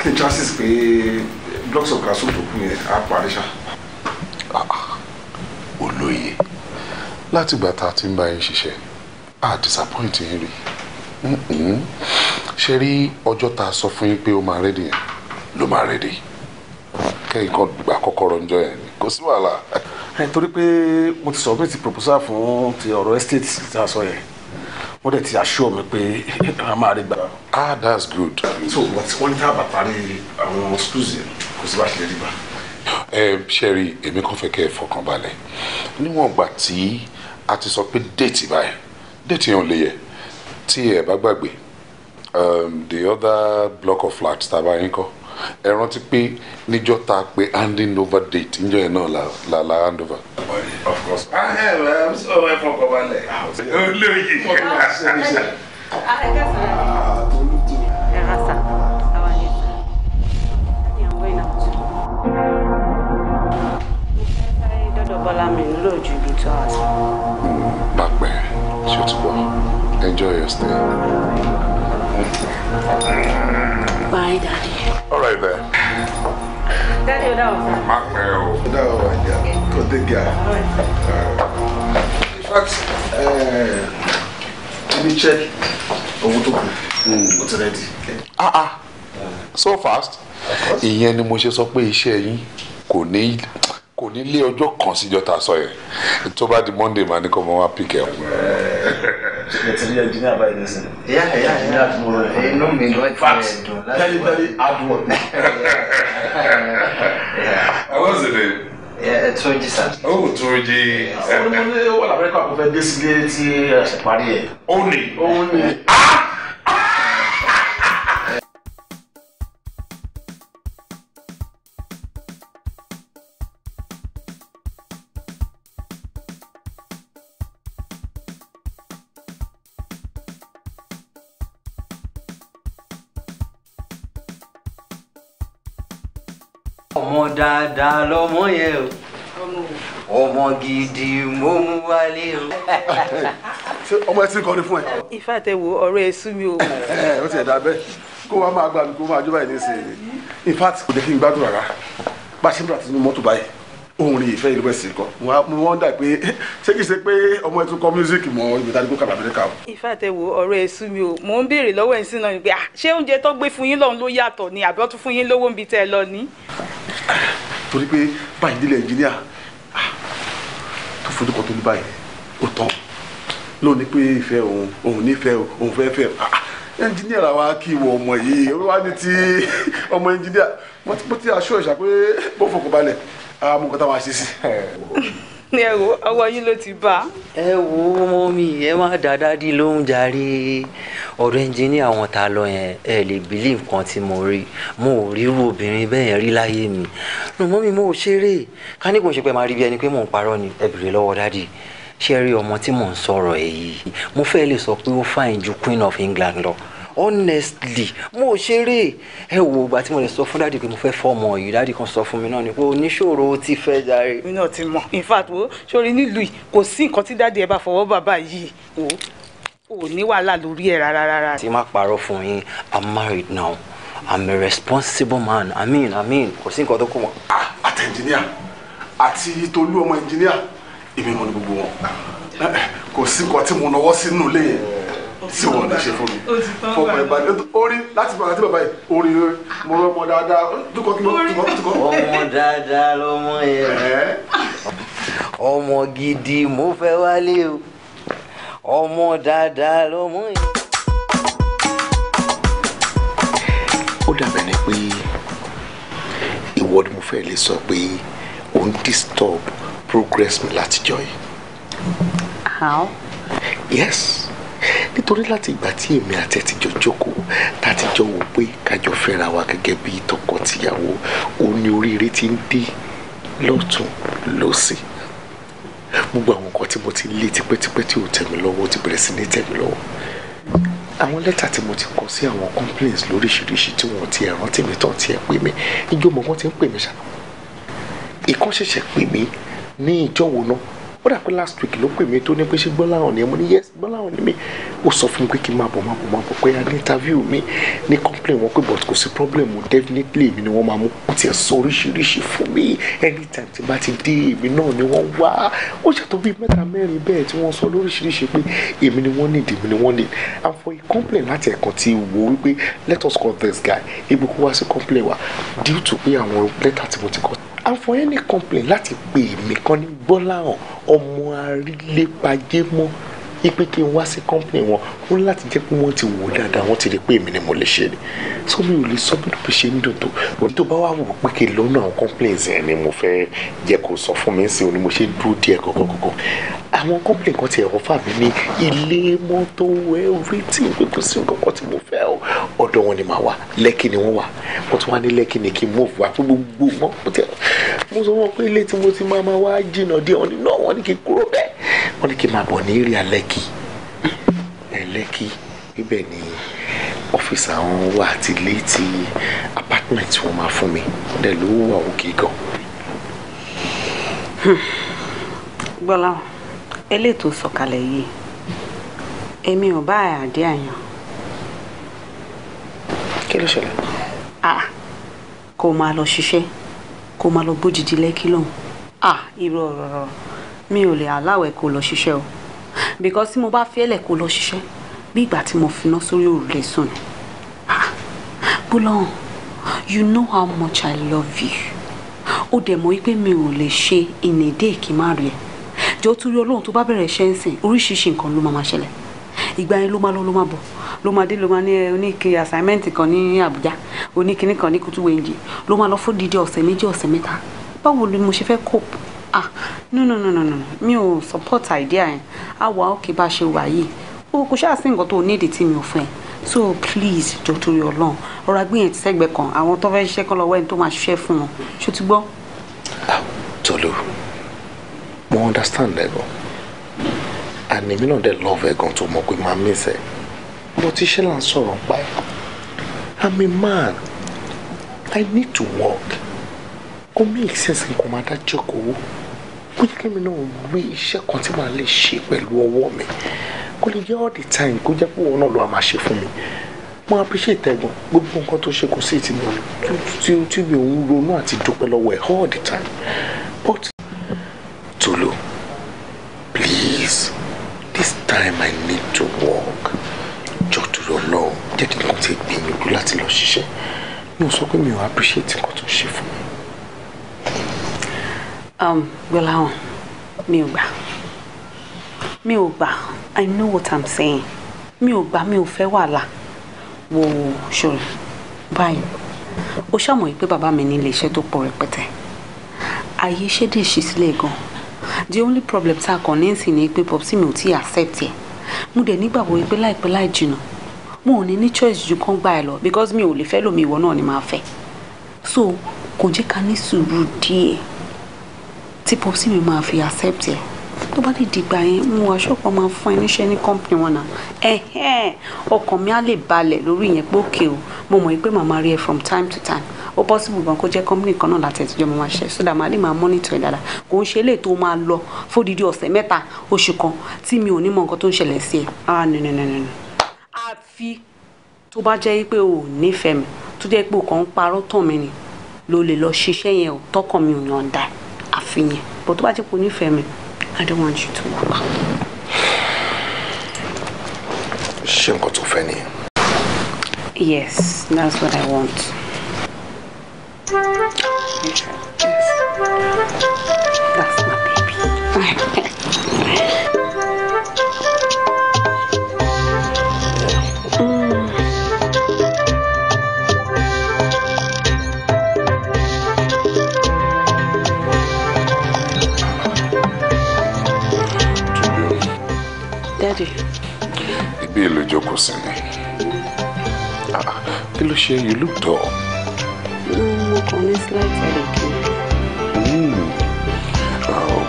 kí ni chances pé blocks of calcium tó kù yẹn á parí ṣá. Ah, olóye látìgbà tá a ti ń bá yín ṣiṣẹ́ a disappoint yín rí ṣe rí ọjọ́ tá a sọ fún yín pé ó máa rẹ́dì yẹn ló máa rẹ́dì kẹ́yìn kan gbà kọ́kọ́rọ́ ń jọ yẹn ni kò sí wàhálà. ẹ torí pé mo ti submit proposal fún ti ọ̀rọ̀ estate tí a sọ yẹn wọ́n dẹ̀ ti assure mi pé a máa rí gbà ah that's good. so but wọ́n ní tá a bá parí àwọn schools yẹn kò sí bá ṣe rí bá. ẹ ṣe rí èmi kàn fẹ́ kẹ́ ẹ fọkàn balẹ̀ níwọ̀n ìgbà tí a ti sọ pé déètì báyìí déètì yẹn ò lè yẹ tí ẹ bá gbàgbé the other block of flats tá a bá yín kọ́ ẹ rántí pé níjọ́ tá pé handing over date níjọ́ yẹn náà la la la hand over. of course. ahẹ́ ẹ̀ ẹ̀ fọkàn balẹ̀. olóyè. Bọ́lá mi nílò ju ibi tó wà sí. Bàpẹ́ ṣé o ti gbọ́? Enjoy your stay. Bye, Daddy. All right there. Daddy, o dáhùn sá. Bàpẹ́ o. O dáhùn wà jà. Kò dé gà. In fact, ibi eh, check owó tó kù. O hmm. ti rẹ̀ di. Ah ah, so fast. Ìyẹn ni mo ṣe sọ pé iṣẹ́ yín kò ní kò ní lé ọjọ́ kan síjọ́ tá a sọ yẹn tó bá di monday máa ní kó mọ wá pick ẹ. What's the name? Túnjí sá. ó Túnjí. ó ní wọ́n làbẹ́rẹ́ kó àkọ́fẹ́ dé sílé tí ẹ ṣe parí ẹ̀. ó ní. ó ah! dáadáa lọmọ yẹn o ọmọ gidi mo mú wálé o. ṣé ọmọ ẹ ti kọrin fún ẹ. ifá tẹ wo ọ̀rọ̀ ẹ sú mi o. ó ti ẹ̀dá bẹ́ẹ̀ kó wàá máa gbà mí kó máa jó báyìí ní ìsìn in fact kò jẹ́ kí n gbádùn rárá bá a ṣe ń bọ̀ àti inú mọ́tò báyìí ohun rí ìfẹ́ ìlú west kọ mo wọ́n dà pé ṣé kìí ṣe pé ọmọ ẹ tún kọ music mọ ibi tá a ti kó kàbà amẹ́ríkà o. ìfẹ́ àtẹ̀wò ọ̀rọ̀ ẹ̀ sú mi o mò ń béèrè lọ́wọ́ ẹ̀ sí náà ni pé ah, ṣé oúnjẹ tó gbé fún yín lọ́hún ló yàtọ̀ ni àbí ọtún fún yín lówó ń bi tẹ́ ẹ lọ ni. torí pé báyìí délé ẹnjìníà ah, tó fojú kan tó ní báyìí ó tán ló ní pé ìfẹ́ òun òun nífẹ̀ẹ́ òun fẹ́ fẹ́ ẹnjìníà ah, làwọn akíwọ ọmọ yìí wọ́n wá ní ti ọmọ ẹnjìníà mo ti aṣọ ìṣàpé bó fọkànbalẹ̀ Ah, a mú táwọn àṣẹ sí. ẹ wo ọwọ́ yín ló ti bá. ẹ wo ọmọ mi ẹ má dáadáa dín lóhùn jàre ọ̀rọ̀ ẹnjìníà wọn ta lọ yẹn ẹ lè bílí nǹkan tí mo rí mo ò rí irú obìnrin bẹ́ẹ̀ rí láyé mi lọ́mọ mi mo ò ṣeré ká ní kò ń ṣe pé máa rí bí ẹni pé mò ń parọ́ ni ẹ bèrè lọ́wọ́ dádì ṣé rí ọmọ tí mò ń sọ̀rọ̀ èyí mo fẹ́ lè sọ pé ó fàìn ju Queen of England lọ honestly mo ò ṣeré ẹ wo ìgbà tí mo lè sọ fún dáàdì pé mo fẹ́ fọmọ yìí dáàdì kan sọ fún mi náà ni pé oníṣòro ti fẹ́ jàre. mi náà ti mọ in fact wo sórí nílùú yìí kò sí nǹkan tí dáàdì ẹ bá fọwọ́ bàbá yìí o ò ní wàhálà lórí ẹ rárá rárá. tí má parọ́ fún yín i'm married now i'm a responsible man i mean i mean kò sí nǹkan tó kù mọ́. Ah, àti ẹnjìníà àti tolú ọmọ ẹnjìníà èmi mọ ní gbogbo wọn eh, kò sí nǹkan tí mo náwó sínú lẹ́yìn tí wọn lè ṣe fún mi fọmọ ìbàdàn orí láti bàbá àti bàbá yìí orí mo rọ ọmọ dáadáa dúkọ kí mo túbọ̀ túbọ̀. ọmọ dáadáa lọmọ yẹn ọmọ gidi mo fẹ́ wálé o ọmọ dáadáa lọmọ yẹn. ó dàbẹ̀ ni pé ìwọ ni mo fẹ́ lè sọ pé ó ń disturb progress mi látijọ́ yìí. how. yes nítorí láti ìgbà tí èmi àti ẹ ti jọ jókòó tá a ti jọ wò pé kájọ fẹ́ra wa gẹ́gẹ́ bí tọkọ-tìyàwó òun ni oríire ti ń dé lọ́tún lọ́sì gbogbo àwọn nǹkan tí mo ti lé tipẹ́tipẹ́ tí ò tẹ̀mí lọ́wọ́ ti bẹ̀rẹ̀ sí ní tẹ̀mí lọ́wọ́ àwọn lẹ́tà tí mo ti kọ sí àwọn complaints lóríṣiríṣi tí wọ́n ti ẹ̀rán tèmi tán ti ẹ̀ pè mí ìjọ mọ̀ wọ́n ti ń pè mí ṣá ìkan pè mí ní ìjọ́wọ́ náà ó dà pé last week ló pè mí tó ní pé ṣé Gbọ́láhàn ni mo ní yes Gbọ́láhàn ni mí ó sọ fún mi pé kí n máa bọ̀ máa bọ̀ máa bọ̀ pé a ní interview mi ní complain wọn pé but kò sí problem o definitely èmi ni wọ́n máa mú kó tiẹ̀ sọ oríṣiríṣi fún mi anytime tí bá ti dé èmi náà ni wọ́n wá ó ṣètò bíi mẹ́ta mẹ́rin bẹ́ẹ̀ tí wọ́n sọ lóríṣiríṣi pé èmi ni wọ́n need èmi ni wọ́n need and for a complain láti ẹ̀kan ti wò wípé let us call this guy ebi kó wá sí complain wa due to pé àwọn lẹ́tà tí mo ti kọ́ and for any complaint láti pè mí kan ní Gbọ́láhàn ọmọ arílépajé mọ́ ipe kí n wá sí company wọn ó láti jẹ́ pé wọ́n ti wò dáadáa wọ́n ti rí pé èmi ni mo lè ṣe ni so mi ò lè sọ bí lóbi ṣe ń dùn tó òní tó bá wà wò pé kí n lọ́nà àwọn complaints yẹn ni mo fẹ́ jẹ́ kó sọ fún mi sí òní mo ṣe dúró díẹ̀ kọ̀kọ̀ kọ̀kọ̀ àwọn complaint kan ti ẹ̀rọ fà mí ní ilé mọ́tò everything pé kò sí nǹkan tí mo fẹ́ o ọ̀dọ̀ wọn ni màá wà lẹ́kì ni wọ́n wà wọ́n tún wá ní lẹ́kì ni kí n move wá fún gbogbo wọn mo sọ wọn pé ilé tí mo ti máa máa wá jìnnà díẹ̀ wọn ni náà wọn ni kí n kúrò bẹ́ẹ̀ wọn ni kí n máa bọ̀ ní eré alẹ́ lẹ́kì lẹ́kì ibẹ̀ ni ọ́fíìsì àwọn wà àti ilé tí apartment wọn máa fún mi dẹ̀ ló wà òkè gan. gbọ́lá eléètò sọ̀kalẹ̀ yìí èmi ò bá àdé àyàn. kí ló ṣẹlẹ̀. ah kó o máa lọ ṣiṣẹ́ kó o máa lọ bójijì lẹ́kì lọ́hùn. ah irú ọ̀rọ̀ mi ò lè aláwẹ̀ kó lọ ṣiṣẹ́ o because tí mo bá fi ẹ̀lẹ̀ kó lọ ṣiṣẹ́ bí ìgbà tí mo finá sórí òrùlé sùn ni. Ah, Bùlọ́n you know how much I love you. Ó dẹ̀ mọ̀ wípé mi ò lè ṣe ìnìdé kí n má rí ẹ. Jọ tún rí Ọlọ́run tó bá bẹ̀rẹ̀ ṣe ń sìn oríṣiríṣi nǹkan ló máa máa ṣẹlẹ̀. Ìgbà yẹn ló máa lọ ló máa bọ̀ ló máa dé ló máa ní eh, oníke assignment kan ní Àbújá oníkíní kan ní Kútúwéǹjì ló máa lọ fún dídí ọ̀sẹ̀ méjì ọ̀sẹ̀ mẹ́ta. Báwo ni mo ṣe fẹ́ cope? ah no no no no no mi ò support idea yẹn a ah, wà òkè bá ṣe wà yìí o kò ṣáà sí nǹkan tó o nídìí tí mi ò fẹ́ so please jọ torí Ọlọ́run ọ̀rọ̀ agbẹyẹn ti sẹgbẹ kan àwọn tó fẹ́ ṣiṣẹ́ kan lọ́wọ́ ẹni tó máa ṣiṣẹ́ fún wọn ṣó ti gbọ́. Tolu ah, mo understand ẹ gan àní mi náà dẹ love ẹ gan tó mọ pé máa miss ẹ mo ti ṣe là ń pa ẹ I'm a man I need to work ó make sense nǹkan máa dá jókòó bóyá kẹ́mi náà gbé iṣẹ́ kan tí màá lè ṣe pẹ̀lú ọwọ́ mi kó lè jẹ́ all the time kó jẹ́ pé òun náà ló máa ṣe fún mi mo appreciate ẹ̀gbọ́n gbogbo nǹkan tó ṣe kò sí ti mi tí tí mi òun ronú àti dúpẹ́ lọ́wọ́ ẹ̀ all the time but Tolu please this time I need to work jọ dúró lọ jẹ́ kí n kàn ti gbìyànjú láti lọ ṣiṣẹ́ mi ò sọ pé mi ò appreciate nǹkan tó ṣe fún mi. Gbọ́láhàn um, mi ò gbà mi ò gbà I know what I'm saying mi ò gbà mi ò fẹ́ wàhálà wò ó ṣòro báyìí ó ṣàmọ̀ yìí pé bàbá mi ní ilé iṣẹ́ tó pọ̀ rẹpẹtẹ ayé iṣẹ́ dè ṣí sílẹ̀ gan the only problem tá a kàn ní ìsìn ni pé popsi mi ò tí ì accept ẹ̀ mo dẹ̀ nígbàgbọ́ pé láìpẹ́ láì jìnnà mo ò ní ní choice ju kán gbà ẹ lọ because mi ò lè fẹ́ lómi ìwọ náà ni màá fẹ́ so kò jẹ́ ká ní sùúrù díẹ̀ tí pọ́sí mi máa fi accept ẹ̀ tó bá lè dìgbà yẹn mú aṣọ kan máa fún ẹ níṣẹ́ ní company wọn náà ẹ̀hẹ́n ọkàn mi á lè balẹ̀ lórí ìyẹn pé òkè o mo mọ̀ pé màmá rí ẹ from time to time ó possible gan kó jẹ́ company kan náà láti ẹ̀tìjọ́ máa ṣe so that màá lè máa monitor ẹ̀ dáadáa kò ń ṣe eléyìí tó máa lọ fódìdí ọ̀sẹ̀ mẹ́ta oṣù kan tí mi ò ní mọ nǹkan tó ń ṣẹlẹ̀ sí ẹ ah no no no no àfi tó bá jẹ́ pé o ò nífẹ̀ẹ́ mi tó jẹ́ pé o kàn ń parọ́ tàn mí ni lo lè lọ ṣiṣẹ́ yẹn o tọkàn mi ò yàn dáa fi yẹn bó tó bá ti kú nífẹ̀ẹ́ mi I don't want you to walk. ṣé nǹkan tó fẹ́ nìyẹn. Yes, that's what I want. jáde. ibi èlò jókòó sí ni ah, kí ló ṣe you look dull. Mm, mo kàn ní slight headache.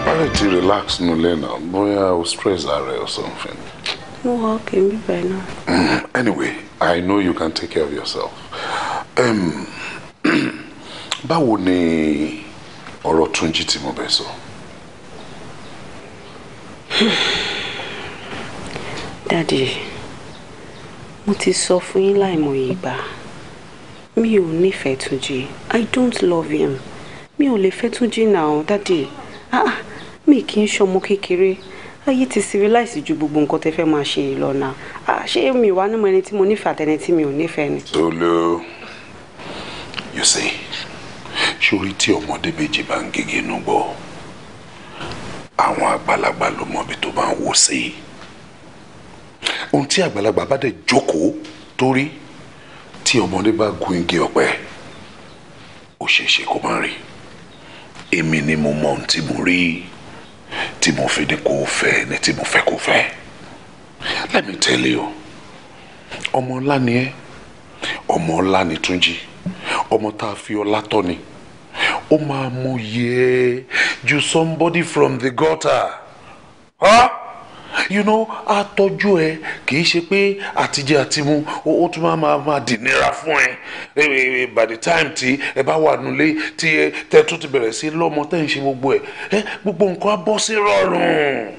Why do you relax no lena? Boya or stress are or something. No, okay, me by now. Mm, anyway, I know you can take care of yourself. Um, báwo ni ọ̀rọ̀ Túnjí tí mo bẹ̀ sọ? dáàdì mo ti sọ fún yín láìmọye ìgbà mi ò nífẹ̀ẹ́ Túnjí i don't love him mi ò lè fẹ́ Túnjí now dáàdì ah, ah mi kì í ṣọmọ kékeré ayé ti civilize ju gbogbo nǹkan tẹ fẹ́ máa ṣe lọ́nà ah ṣé mi wá nímọ̀ ẹni tí mo nífẹ̀ẹ́ àtẹni tí mi ò nífẹ̀ẹ́ ni. Tolu you see sórí tí ọmọdé méjì bá ń gègé inú gbọ́ àwọn àgbàlagbà ló mọ ibi tó bá ń wò sí i ohun tí àgbàlagbà bá dẹ̀ jókòó torí tí ọmọdé bá gun igi ọ̀pẹ ó ṣeé ṣe kó má rí èmi ni mo mọ ohun tí mo rí tí mo fi ní kó fẹ́ ní tí mo fẹ́ kó fẹ́ let me tell you ọmọ ńlá ni ẹ́ ọmọ ńlá ni Túnjí ọmọ tá a fi ọlá tọ́ ni ó máa mọ yẹ ju somebody from the gutter. Huh? you know a tọ́jú ẹ kìí ṣe pé àtijẹ àtimu ó tún máa máa máa dì nira fún ẹ by the time tí ẹ bá wà nulẹ̀ tí ẹ tẹ́ tún ti bẹ̀rẹ̀ sí lọ́mọ tẹ́ ń ṣe gbogbo ẹ ẹ gbogbo nǹkan á bọ́ sí rọrùn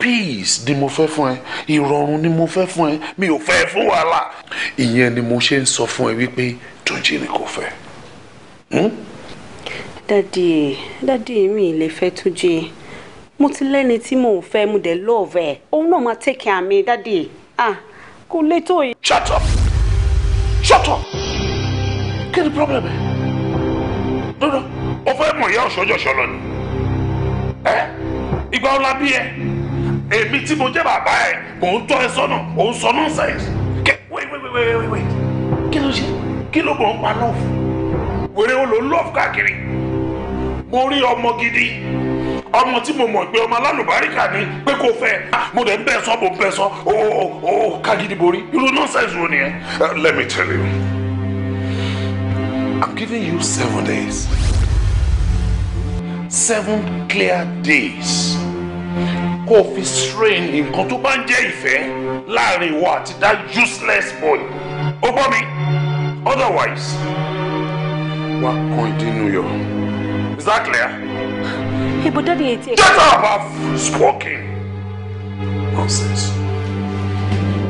peace ni mo fẹ́ fún ẹ ìrọ̀rùn ni mo fẹ́ fún ẹ mi ò fẹ́ fún wàhálà ìyẹn ni mo ṣe ń sọ fún ẹ wípé Túnjí ni kò fẹ́. dadi hmm? dadi mi ì lè fẹ́ Túnjí mo ti lẹ́ni tí mò ń fẹ́ mu dẹ̀ lọ́ọ̀fẹ́ òun náà máa take care mi dáàdì ah kò lè tó yìí. shut up shut up kí ni problem ẹ dúró o fẹ́ mọ̀ ìyá ọ̀ṣọ́jọ́ ṣọlọ ni ẹ ìgbà ọ̀la bí ẹ èmi tí mo jẹ́ bàbá ẹ kò ń tọ́ ẹ sọ́nà ò ń sọ nonsense kẹ wait wait wait wait wait kí ló ṣe kí ló bọ̀ ń pa love wèrè olóńlọ́ọ̀fù káàkiri mo rí ọmọ gidi ọmọ tí mo mọ̀ pé ọmọ alálùbáríkà ni pé kò fẹ́ ah, mo dẹ̀ ń bẹ̀ sọ mo ń bẹ̀ sọ o o kagidi borí irú nọ́ọ̀sẹ̀sì wo nìyẹn. Uh, let me tell you i'm giving you seven days seven clear days kó fi strain nǹkan tó bá ń jẹ́ ìfẹ́ láàrin ìwọ àti that useless boy ó gbọ́ mi otherwise wàá kàn dín nù yọ. Is that clear? Hey, but daddy, it's... Shut up! I've spoken! Nonsense.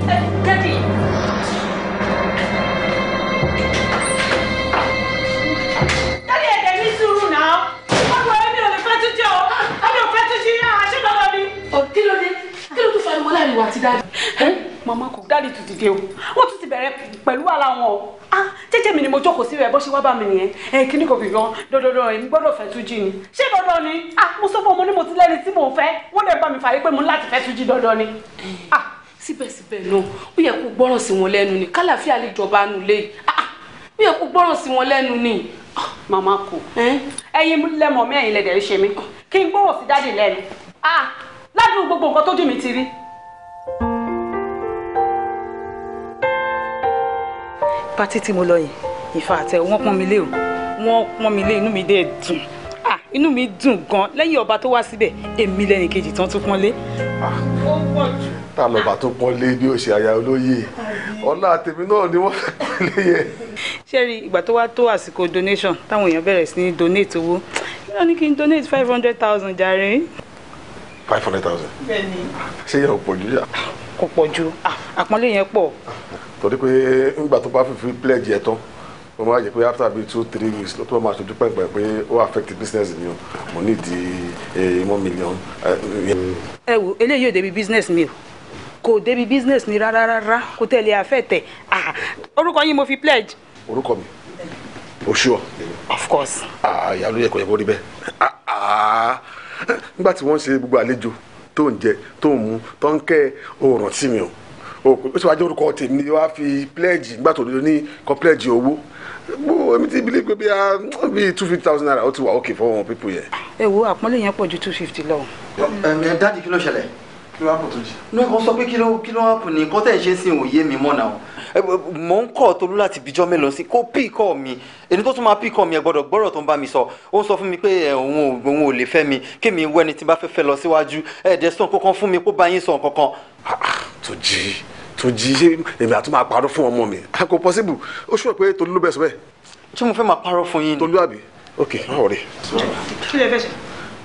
Uh, daddy! Daddy, I can miss you now. What were you doing? Fẹ́ tún jẹ́ o. I don't fẹ́ tún ṣe é. Àṣẹ lọ́dọ̀ mi. Kí ló dé? Kí ló tún fa ni mo láàrin wa ti dájú? mama kò dáàdì tún ti dé o wọ́n tún ti bẹ̀rẹ̀ pẹ̀lú ara wọn o ah jẹ́jẹ́ mi ni mo jókòó sí rẹ̀ bó ṣe wá bá mi nìyẹn ẹ kíní kò fi gan dandandan èmi gbọ́dọ̀ fẹ́ Túnjí ni ṣé dandan ni ah mo sọ fún ọmọ ní mo ti lẹ́ni tí mò ń fẹ́ wọ́n lè bá mi fàyè pé mo láti fẹ́ Túnjí dandan ni ah síbẹ̀síbẹ̀ náà ó yẹ kó gbọ́ràn sí wọn lẹ́nu ni kálàfíà lè jọba nù lé ah, ah ó yẹ kó gbọ́ràn sí wọn lẹ́nu ni ah, màmá kò ẹyin lẹ́mọ̀ mi ẹ̀yin lẹ́dẹ̀ẹ́ ṣe mi kí n gbọ́rọ̀ sí dáàdì lẹ́nu ah ládùúgbò gbogbo nǹkan tójú mi ti rí. pátí tí mo lọ yìí ìfà àtẹ wọn pọ́n mi lé o wọn pọ́n mi lé inú mi dẹ̀ dùn ah inú mi dùn gan lẹ́yìn ọba tó wá síbẹ̀ èmi lẹ́ni kejì tán tún pọ́n lé. ó pọ̀ jù. ta lọba tó pọ́n lé ah, ní òṣè àyà olóyè ọlá àtẹ̀mí náà ni wọ́n pọ́n lé yẹn. sẹ́ẹ̀rì ìgbà tó wá tó àsìkò donation táwọn èèyàn bẹ̀rẹ̀ sí ní donate owó kí ló ní kí n donate five hundred thousand jàre. five hundred thousand. bẹ́ẹ̀ni. ṣé yẹn ò pọ̀ jù yà. kò pọ̀ jù ah, àpọ́nlé yẹn pọ̀ torí pé nígbà tó bá fífi pledge ẹ̀ tán mo máa jẹ pé after bíi two three weeks ló tó máa ṣojú pẹ̀pẹ̀ pé ó affect business mi o mo ní di eh, one million. Eh, ẹ wo eléyìí ò débi business mi o kò débi business mi rárá rárá kò tẹ̀lé àfẹ́tẹ̀ ah, orúkọ yín mo fi pledge. orúkọ mi o sure. of course. àyà ah, ló yẹ kó yẹ kó rí bẹ́ẹ̀ ah, nígbà tí wọ́n ṣe gbogbo àlejò tó ń jẹ tó ń mu tó ń kẹ́ òòrùn sí mi o o ó sì wá jẹ́ orúkọ tèmi ni wàá fi pledge nígbà tó ní kan pledge owó bó èmi ti believe pé bí a bí two fifty thousand naira ó ti wà okay for one people yẹn. ẹ wo àpọ́nlé yẹn pọ̀ ju two fifty lọ. ẹ dáàdi kí ló ṣẹlẹ̀ kí ló wá kò tó jì. ní o sọ pé kí ló kí ló wá kò ní kọ́tẹ́ ìṣe sí òye mi mọ́ náà mò ń kọ́ tolú láti bíjọ́ mélòó sí kó pí kọ́ mi ẹni tó tún máa pí kọ́ mi ẹ gbọ́dọ̀ gbọ́rọ̀ tó ń bá mi sọ ó ń sọ fún mi pé òun ò lè fẹ́ mi kémi wẹ́ni tí bá fẹ́ fẹ́ lọ síwájú ẹ̀ẹ́dẹ́sán kọ́kan fún mi kó bá yín sọ kankan tó jí tó jí ṣé èmi àti máa parọ́ fún ọmọ mi kò possible ó ṣùgbọ́n pé Tolú ló bẹ̀ sọ bẹ́ẹ̀. ṣé mo fẹ́ máa parọ́ fún yín ni. Tolú àbí ok má wọlé. kí lè fẹ́ ṣe.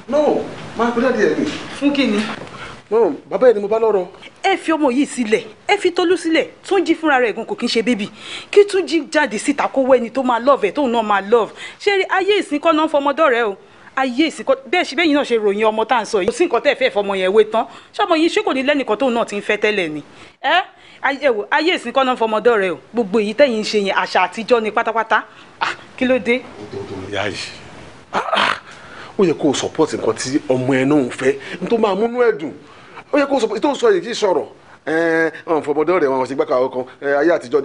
no máa gbé dáadé ẹ mi. fún kí ni. no bàbá yẹn ni mo bá lọ́rọ̀. ẹ fi ọmọ yìí sílẹ̀ ẹ fi Tolú sílẹ̀ Túnjí fúnra rẹ̀ gan kò kí ń ṣe bébì kí Túnjí jáde síta kó wẹ́ni tó máa love ẹ̀ tóun náà love ṣé ayé ìsìn kọ́ náà ń fọmọdọ́ ayé ìsìnkọ bẹ́ẹ̀ ṣe bẹ́yìn náà ṣe ròyìn ọmọ tá à ń sọ yìí kò sí nǹkan tẹ́ ẹ fẹ́ fọmọ yẹn wé tán ṣọmọ yìí ṣé kò ní lẹ́nìkan tóun náà ti ń fẹ́ tẹ́lẹ̀ ni ẹ ayé wò ayé ìsìnkọ náà fọmọdọ́ rẹ o gbogbo èyí tẹ́yìn ń ṣe yẹn àṣà àtijọ́ ni pátápátá ah, kí ló dé. Ah, ah. ó yẹ kó o support nǹkan tí ọmọ ẹ náà ń fẹ́ tó máa múnú ẹ dùn ó yẹ kó o support tó sọ yìí kì í sọ̀rọ̀ wọn fọmọdọ rẹ wọn ṣe gbàkà ọkàn ayé àtijọ́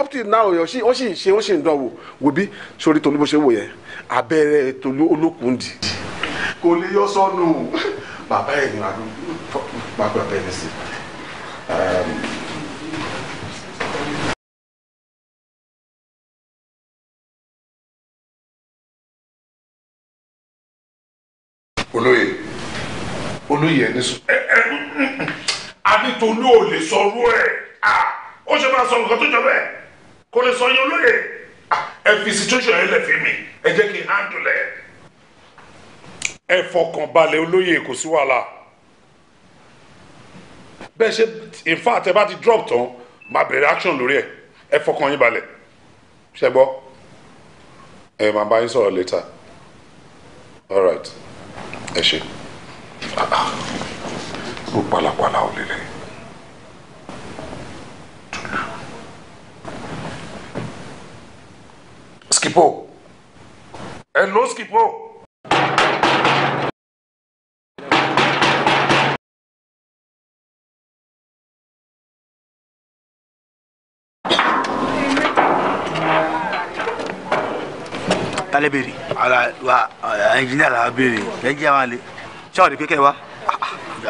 up till now wọ́n sì ń ṣe wọ́n sì ń dánwò wò bí sórí tolú bó ṣe wò yẹn abẹ́rẹ́ tolú olókùn dì kò lè yọ sọnù bàbá ẹ̀ ní àdúgbò bàbá bẹ̀rẹ̀ sí i. olóye olóye ẹni sùn. ẹ ẹ àbí tolú ò lè sọ ọrú ẹ ó ṣe máa sọ nǹkan tó jọ bẹ́ẹ̀ kò lè sọ yín olóye ẹ fi situation yẹn lẹ̀ fi mi ẹ jẹ́ kí n handle ẹ̀. ẹ fọkàn balẹ̀ olóyè kò sí wàhálà bẹ́ẹ̀ ṣe in fact ẹ bá ti drop tán máa bẹ̀rẹ̀ action lórí ẹ̀ ẹ fọkàn yín balẹ̀ ṣe gbọ́ ẹ máa bá yín sọ̀rọ̀ later all right ẹ ṣe ó ah, ah. pàlàpàlà ò lélẹ̀. Σκυπό. Ενό σκυπό. ale béèrè. ala wa ẹnjinia eh, la béèrè ẹnjinia wa le. sọ́ọ̀rì kékeré wa.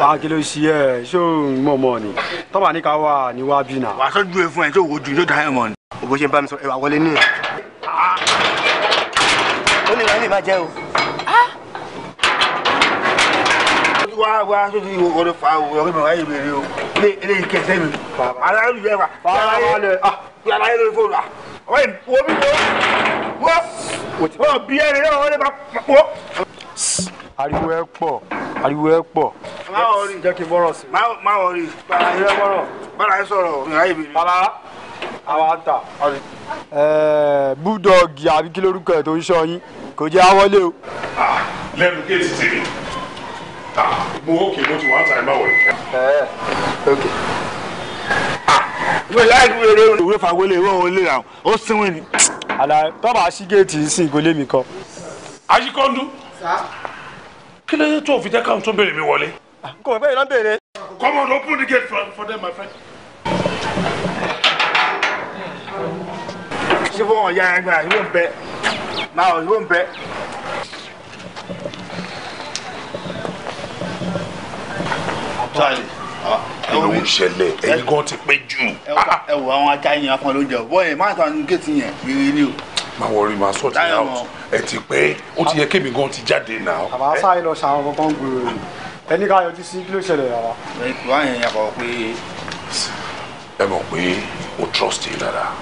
wàá kí ló ṣe ẹ ṣó ń mọ̀mọ́ ni tọ́ba ní ká wà ní wá bí náà. wàá sọ ju e fún ẹ ṣó wo ju ṣó dáhẹ́ mọ́ ni. òbó ṣe ń bá mi sọ ẹ wà wọlé ní ẹ lè máa jẹ o. wá wá sójú ìwò ọdún fa ọ̀rẹ́ mi wáyé ìbéèrè o eléyìí kẹsẹ́ mi aláìlú yẹn wa aláìlú lórí fóònù wa wọ́n yìí wo mi wo wọ́n bí ẹni náà wọ́n lè máa pọ̀. ariwo ẹ pọ̀ ariwo ẹ pọ̀. máa wọ rí jẹ́ kí n bọ́rọ̀ sí. máa wọ rí bàrà ẹ sọ̀rọ̀ ìhà ìbéèrè àwa ń tà. búdọ̀gì àbí kí lórúkọ ẹ̀ tó ń ṣọ́ yín kò jẹ́ àwọlé o. lẹ́nu géètì tèmi mo òkè mo ti wá ta ìmọ̀ wẹ̀. wọ́n láì kú eré òun ìwé fagolé ìwé òun lè ràn ó sínwìn ni. àlà tọ́ba sí géètì sí ìgolé mi kọ. aṣíkọ́ndú kí ló dé tó fi jẹ́ káwọn tó béèrè mi wọlé. kò mọ̀ pé ìran béèrè. come on open the gate for, for them my friend. she won't, yeah, he won't bet. Now, he won't bet. Charlie. kí ló ń ṣẹlẹ̀ ẹ̀yin gan ti pẹ́ jù. ẹ wo àwọn ajá yẹn afọ ló jẹ bọ́ọ̀ yẹn má ta ní géètì yẹn rírì ni o. má wọrí máa sọ ti náà ẹ ti pẹ́ ó ti yẹ kémi gan ti jáde náà. àbá sáré lọ ṣàwọn kankan gbòòrò ẹni ká yọjú sí kí ló ṣẹlẹ̀ yàrá. ẹ wá yẹn yàgò pé. ẹ mọ̀ pé o trust yìí dáadáa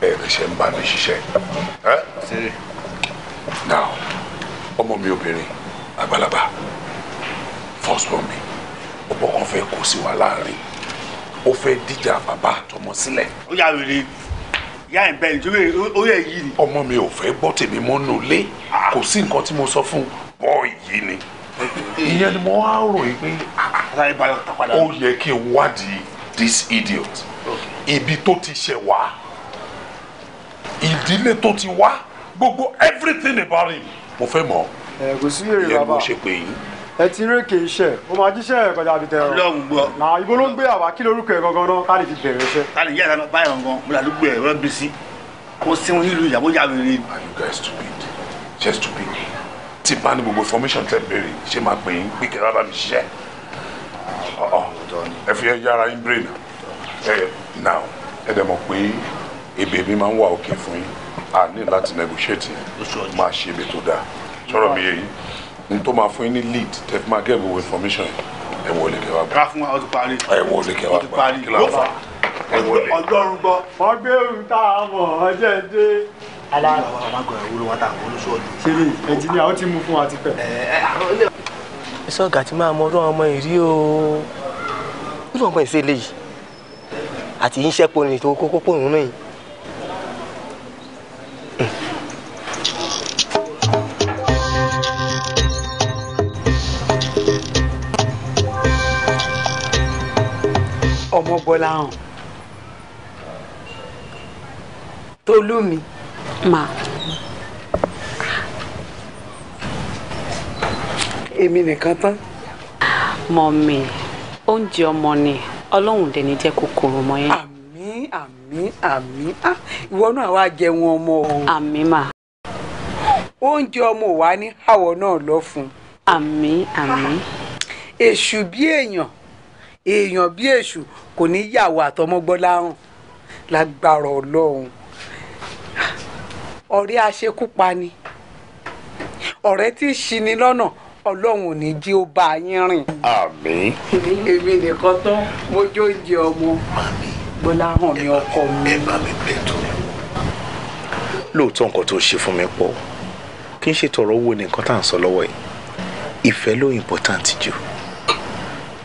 ẹ lè ṣe ẹ. now ọmọ mi obìnrin àgbàlagbà first born mi ọ̀pọ̀ kan fẹ́ kó sí wa láàrin ó fẹ́ díjà bàbá àtọmọ sílẹ̀. ó yà wèrè ìyá ẹ̀ bẹ́ẹ̀ nítorí ó yẹ yìí ni. ọmọ mi ò fẹ́ gbọ́ tèmi mọ́nú ilé ah. kò sí nǹkan tí mo sọ fún bọ́ọ̀ yìí ni ìyẹn ni mo wá rò yìí pé ah, ó yẹ kí n wádìí this idiot ibi tó ti ṣẹ̀ wá ìdílé tó ti wá gbogbo everything about him mo fẹ́ mọ̀ kò sí èrè bàbá ìyẹn mo ṣe pé yín. ẹ ti ré kì í ṣe ó máa jíṣẹ́ kọjá àbí tẹ ọ. lọ́hùn gbọ́. nà ibo ló ń gbé àwa kí lorúkọ ẹ gangan náà káàdì fi bẹ̀rẹ̀ iṣẹ́. káàdì yíyá ìdáná báyọ̀ gan mo là ló gbé ẹ̀rọ bí sí kó sínú nílùú ìyàwó yà wèrè. are you guys stupid just stupid tí bá ní gbogbo information tẹ béèrè ṣé máa pè yín pé kẹrẹ bá mi ṣiṣẹ́ ẹ fi ẹ yára yín brain ẹ now ẹ dẹ̀ mọ̀ pé ebè mi máa ń wà òkè fún yín a ní láti negotiate máa ṣe ebè tó dáa sọ̀rọ̀ mi yẹn n tó máa fún yín ní lead tẹ́ fi máa get gbogbo information ẹ kẹwàá gbà ká fún wa kẹwàá gbà kí ló fà ẹ wọlé. ọjọ́rùn gbọ́. wọ́n gbé ohun tá a mọ̀ ọjọ́ dé. aláàbò àwọn àgbà ìwúlò wọn tà wọ́n lóṣooṣù. sílẹ̀ ẹnjìníà ó ti mú fún wa ti pẹ́. ẹsẹ̀ ọ̀gá ti máa mọ ọdún ọmọ ìrí o irú ọmọ ìṣẹ̀lẹ̀ yìí àti yín ṣẹ́pọ̀ ní ìtòkókó pòrùn náà yìí ọmọ bọ́lá hàn tolú mi ma. èmi nìkan tán. mọ̀mí oúnjẹ ọmọ ni ọlọ́run dẹ̀ ní jẹ́ kòkòrò mọ́ yẹn. àmín àmín Ah, ìwọ náà wàá jẹun ọmọ o. àmín mà. oúnjẹ ọmọ wa ní àwọ̀ náà lọ fún. àmín àmín. Ah, èṣù bí èèyàn èèyàn bí èṣù kò ní yàwó àtọmọgbọ́lá hàn lágbára ọlọ́run ọ̀rẹ́ aṣekúpani ọ̀rẹ́ tí í ṣini lọ́nà ọlọ́run ò ní jí ó bá yín rìn. àmín. èmi nìkan tán mójó ń jẹ ọmọ bọ́lá hàn ní ọkọ mi. ẹ bá mi bẹ́ẹ̀ tó lóòótọ́ nǹkan tó ṣe fún mi pọ̀ kí n ṣe tọrọ owó ní nǹkan tá à ń sọ lọ́wọ́ yìí ìfẹ́ ló important jù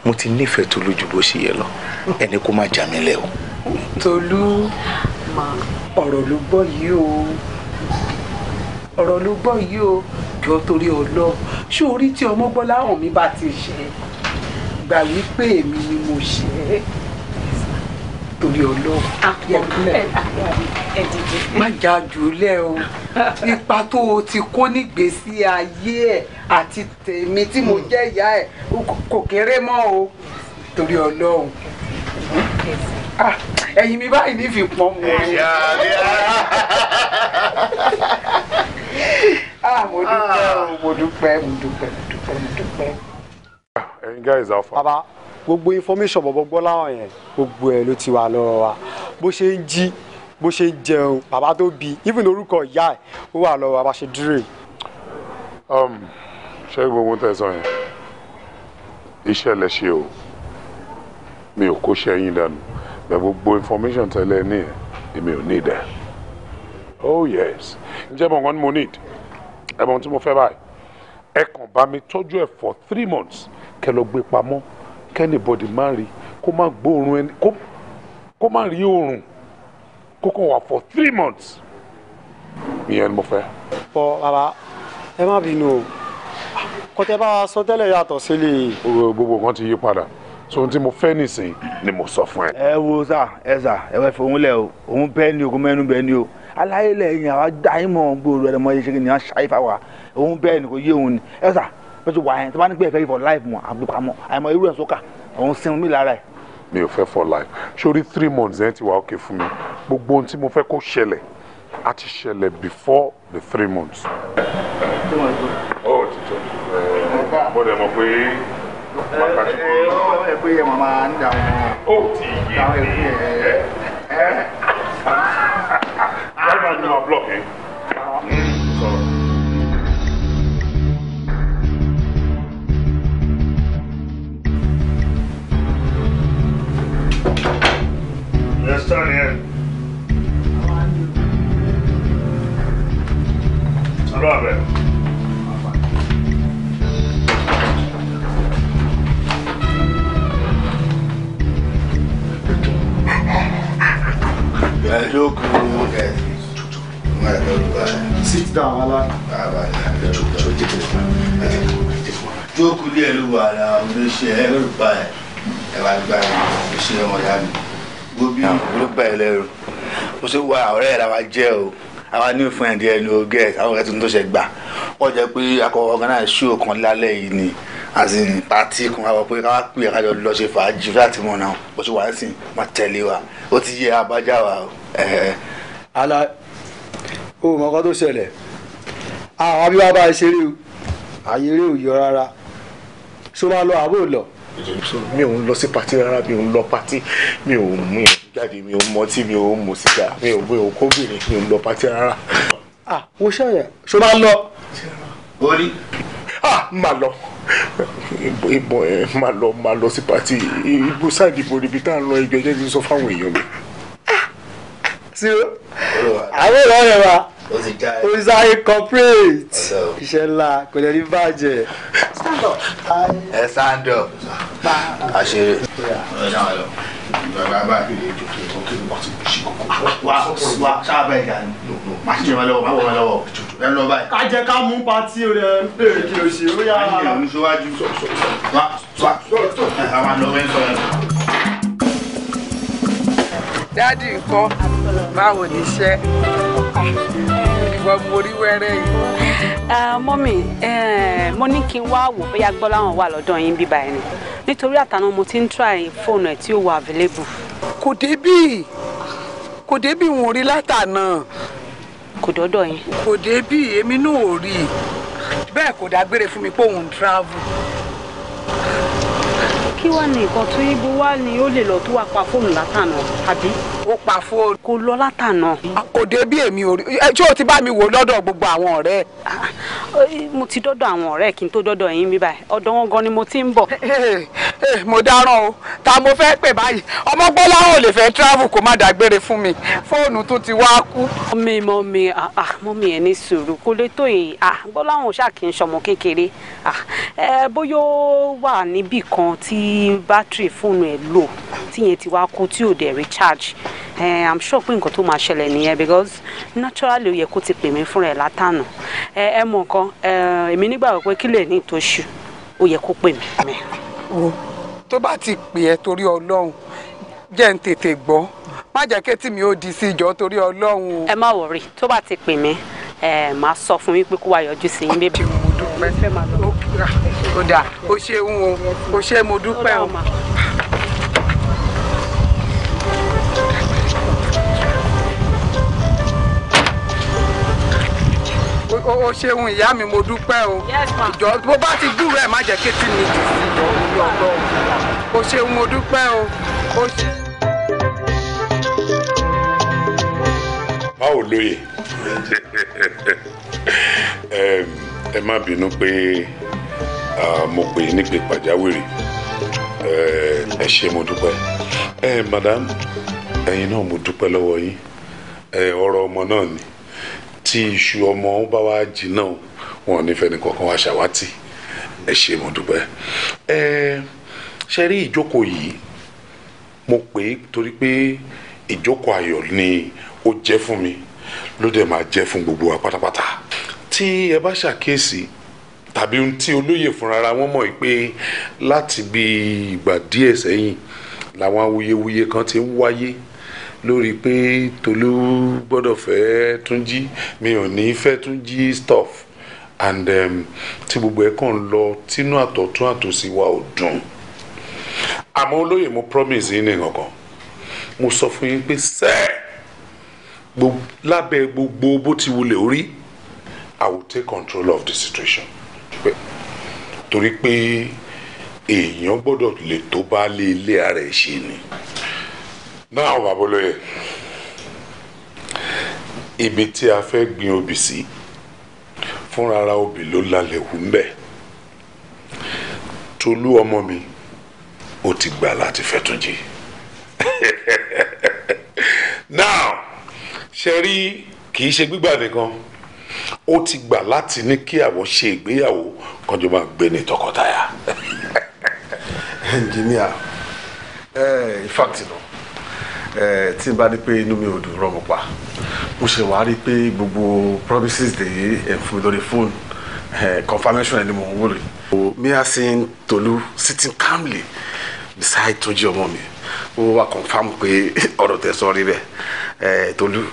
mo ti nífẹ̀ẹ́ Tolú ju bó ṣe yẹ lọ ẹni kó má jà mí lẹ̀ o. Tolú ma ọ̀rọ̀ ló gbọ́ yìí o ọ̀rọ̀ ló gbọ́ yìí o jọ torí ọlọ ṣé orí tí ọmọ gbọ́ láwọn mi bá ti ṣe gbà wípé èmi ni mo ṣe é torí ọlọ́run àpọ̀lẹ́ má jà jùlẹ̀ o ipa tó o ti kó nígbésí ayé ẹ̀ àti tèmi tí mo jẹ́ ìyá ẹ̀ kò kéré mọ́ o torí ọlọ́run ẹ̀yin mi báyìí ní fi pọ́n mu. mo dúpẹ́ mo dúpẹ́ mo dúpẹ́ mo dúpẹ́ mo dúpẹ́. ẹ̀yin guys alfa. baba gbogbo information bọ̀bọ̀ Gbọ́láhàn yẹn gbogbo ẹ̀ ló ti wà lọ́wọ́ wa bó ṣe ń jí bó ṣe ń jẹun bàbá tó bí even orúkọ ìyá ẹ̀ ó wà lọ́wọ́ wa bá ṣe dúró yìí. Um, ṣé gbogbo tẹ̀sán yẹn iṣẹ́ lẹ ṣe o mi ò kó ṣe yín dànù bẹ́ẹ̀ gbogbo information tẹ́lẹ̀ ní ẹ̀ èmi ò need ẹ̀ oh yes ǹjẹ́ mo nǹkan ni mo need ẹ̀bùn tí mo fẹ́ báyìí ẹ kàn bá mi tọ́jú ẹ̀ for three months kẹ́ lọ gbé pamọ́ kẹ́nìbọ̀dì má rí kó má gbóòórùn ẹni kó má rí òórùn kó kàn wà for three months ìyẹn ni mo fẹ́. bọ bàbá ẹ má bínú o kọtẹ bá wa sọ tẹ́lẹ̀ yàtọ̀ sílẹ̀. gbogbo nǹkan ti yí padà so tí mo fẹ́ nìsín ni mo sọ fún ẹ. ẹ wo sà ẹ sà ẹ wá fi òun lẹ o òun bẹ́ẹ̀ ni o kò mẹ́nu bẹ́ẹ̀ ni o aláyé lẹ́yìn àwa dá yín mọ̀ gbòòrò ẹ̀ mọ́ ẹ ṣe kí ni a ṣàyífà wa òun bẹ́ẹ̀ ni kò yé òun ni ẹ sà bó ṣe wà yẹn tí wọ́n á ní pé ẹ fẹ́ for life mọ̀ àgbèpamọ́ àìmọ̀ irú ẹ̀ sọ́kà òun sinmi lára ẹ̀ mi ò fẹ́ for life sórí three months yẹn ti wà okay fún mi gbogbo ohun tí mo fẹ́ kó ṣẹlẹ̀ á ti ṣẹlẹ̀ before the three months. Oh, ọ That's done here. Robert. Ben yok. Sit down, Allah. Çok çok çok. Çok kulüye lu var ya, bu şey her bay. ẹ wá gbá ìṣe ọmọ ìyá mi. gbóbi ló bá ẹ lẹ́rù mo ṣe wá ọ̀rẹ́ ẹ̀ làwa jẹ́ o àwa new friend ẹ̀ ló gẹ̀ àwọn ọ̀rẹ́ tuntun tó ṣe gbà wọ́n jẹ́ pé akọ organize show kan lálẹ́ yìí ni as in party kan wá pé káwá pè ká jọ lọ ṣe fàájì láti mọ̀ náà bó ṣe wà ń sìn má tẹ̀lé wa ó ti yẹ abájá wa o. ala o mọ ọkọ tó ṣẹlẹ̀ àwọn abíwá bá ṣeré o àyèrè ò yọ rárá ṣó máa lọ àbó lọ mi ò ń lọ sí pati rárá mi ò ń lọ pati mi ò mú jáde mi ò mọtí mi ò mu sìgá mi ò bóyá okóbìnrin mi ò ń lọ pati rárá. ah wo ṣàyà ṣo máa lọ. orí. ah máa lọ ìbọn ẹ máa lọ máa lọ sí pati igbó sáàdì ìbò níbi tá à ń lọ ẹgbẹ jẹ́ kí n sọ fáwọn èèyàn mi. sí ah, ah, ah. o àwọn ọ̀rẹ́ wa ó ti sáré corporate iṣẹ́ ńlá kò lè ní bàjẹ́. ẹ sáńdọ̀ àṣírí. wà á bá ìyá ni má ṣe máa lọ́wọ́ má wọ́n máa lọ́wọ́ ẹ lọ báyìí. ká jẹ ká mú pati rẹ béèrè kí o ṣe ó yára. a ní ìrònú síwájú wá wá àwọn àlọ́ wẹ́n sọ yẹn. dádì ńkọ́ báwo ni iṣẹ́ ìwà mórí wẹ́rẹ́ yìí. mọ́mì mo ní kí n wá wò bóyá gbọ́lá wọn wà lọ́dọ̀ yín bíbá ẹ̀ ni nítorí àtàná mo ti ń try fóònù ẹ̀ tí ó wà available. kò débì kò débì wọn ò rí látàná. kò dọ́dọ̀ yín. kò débì èmi náà ò rí i bẹ́ẹ̀ kò dágbére fún mi pé òun travel. kí wàá ní nǹkan tó yín bó wá ni ó lè lọ tó wá pa fóònù látàná àbí ó pa fóònù. kò lọ látànà. kò dé bí èmi ò rí ṣé o ti bá mi wò lọ́dọ̀ gbogbo àwọn ọ̀rẹ́. Ah, mo ti dọ́dọ̀ àwọn ọ̀rẹ́ kí n tó dọ́dọ̀ yín mi báyìí ọ̀dọ̀ wọn gan ni mo ti ń bọ̀. Eh, eh, eh, mo dáràn o ta mo fẹ́ pè báyìí ọmọ gbọ́lá ò lè fẹ́ travel kó má dágbére fún mi fóònù tó ti wá kú. mọ́mí mọ́mí ah, ah, mọ́mí ẹ̀ ní sùúrù kò lè tó yìí gbọ́lá wọn ṣáà kì í ṣọmọ kékeré bóyá ó wà níbì kan tí bátìrì fóònù ẹ̀ lò tíyẹn ti wá kú tí ò dẹ̀ recharge Eh, i'm sure pé nǹkan tó máa ṣẹlẹ̀ nìyẹn because naturally ó yẹ kó ti pè mí fúnra ẹ̀ látànà eh, ẹ mọ̀ kan eh, èmi nígbàgbọ́ pé kí lè ní ìtòṣù ó yẹ kó pè mí. tó bá ti pè ẹ́ torí ọlọ́run jẹ́ ń tètè gbọ́ má jẹ́ kí tèmi ó di sí ìjọ torí ọlọ́run. ẹ má wọrí tó bá ti pè mí màá sọ fún yín pé kó wá yọjú sí yín bébí. Ah, ó dáa ó ṣeun o ṣe mo dúpẹ́ o. o ṣeun ìyá mi mo dúpẹ́ o ìjọ bó bá ti dúró ẹ̀ má jẹ́ kétí mi jù sí ìjọ orí ọgbọ́n o ṣeun mo dúpẹ́ o. báwo lóye ẹ má bínú pé mo pè é nípe pàjáwìrì ẹ ṣé mo dúpẹ́ ẹ madam ẹ̀yin náà mo dúpẹ́ lọ́wọ́ yín ọ̀rọ̀ ọmọ náà ni tí iṣu ọmọ ó bá wá jìnnà o wọn ò ní fẹ́ ni kankan wá ṣàwátì ẹ ṣe mo dúpẹ́ ẹ ṣe rí ìjókòó yìí mo pè é torí pé ìjókòó ayọ̀ ni ó jẹ́ fún mi ló dẹ̀ máa jẹ́ fún gbogbo wa pátápátá tí ẹ bá ṣàkíyèsí tàbí ohun tí olóyè fúnra wọn mọ̀ pé láti bí ìgbà díẹ̀ sẹ́yìn làwọn awuyewuye kan ti ń wáyé lórí pé Tolú gbọ́dọ̀ fẹ́ Túnjí mi ò ní fẹ́ Túnjí stuff and um, tí gbogbo ẹ̀ kàn lọ tínú àtọ̀tún àtòsí wa ò dùn àmọ́ olóyè mo promise yín ní nǹkan mo sọ fún yín pé sẹ́ẹ̀ lábẹ́ gbogbo bó ti wulẹ̀ orí I will take control of the situation torí pé èèyàn gbọ́dọ̀ lè tó bá lé ilé ara ẹ̀ ṣe ni náà bàbá olóye ibi tí a fẹ́ gbin obì sí fúnra ara obì ló lálẹ́ wù ń tolú ọmọ mi ó ti gbà láti fẹ́ tún jí now ṣe rí kì í ṣe gbígbà nìkan ó ti gbà láti ní kí àwọn ṣe ìgbéyàwó kọjọ máa gbé ní tọkọtaya. ẹnjìníà ẹ ìfàkìtì náà tí n bá ní pé inú mi ò dùn rọmọ pa mo ṣe wá rí pé gbogbo promises dè é fún mi lórí fóònù confirmation ẹni mo ń wò rí. mia sin Tolu sitting calmly beside Tójí ọmọ mi ó wá confam pé ọ̀rọ̀ tẹ̀ rí bẹ́ẹ̀ Tolu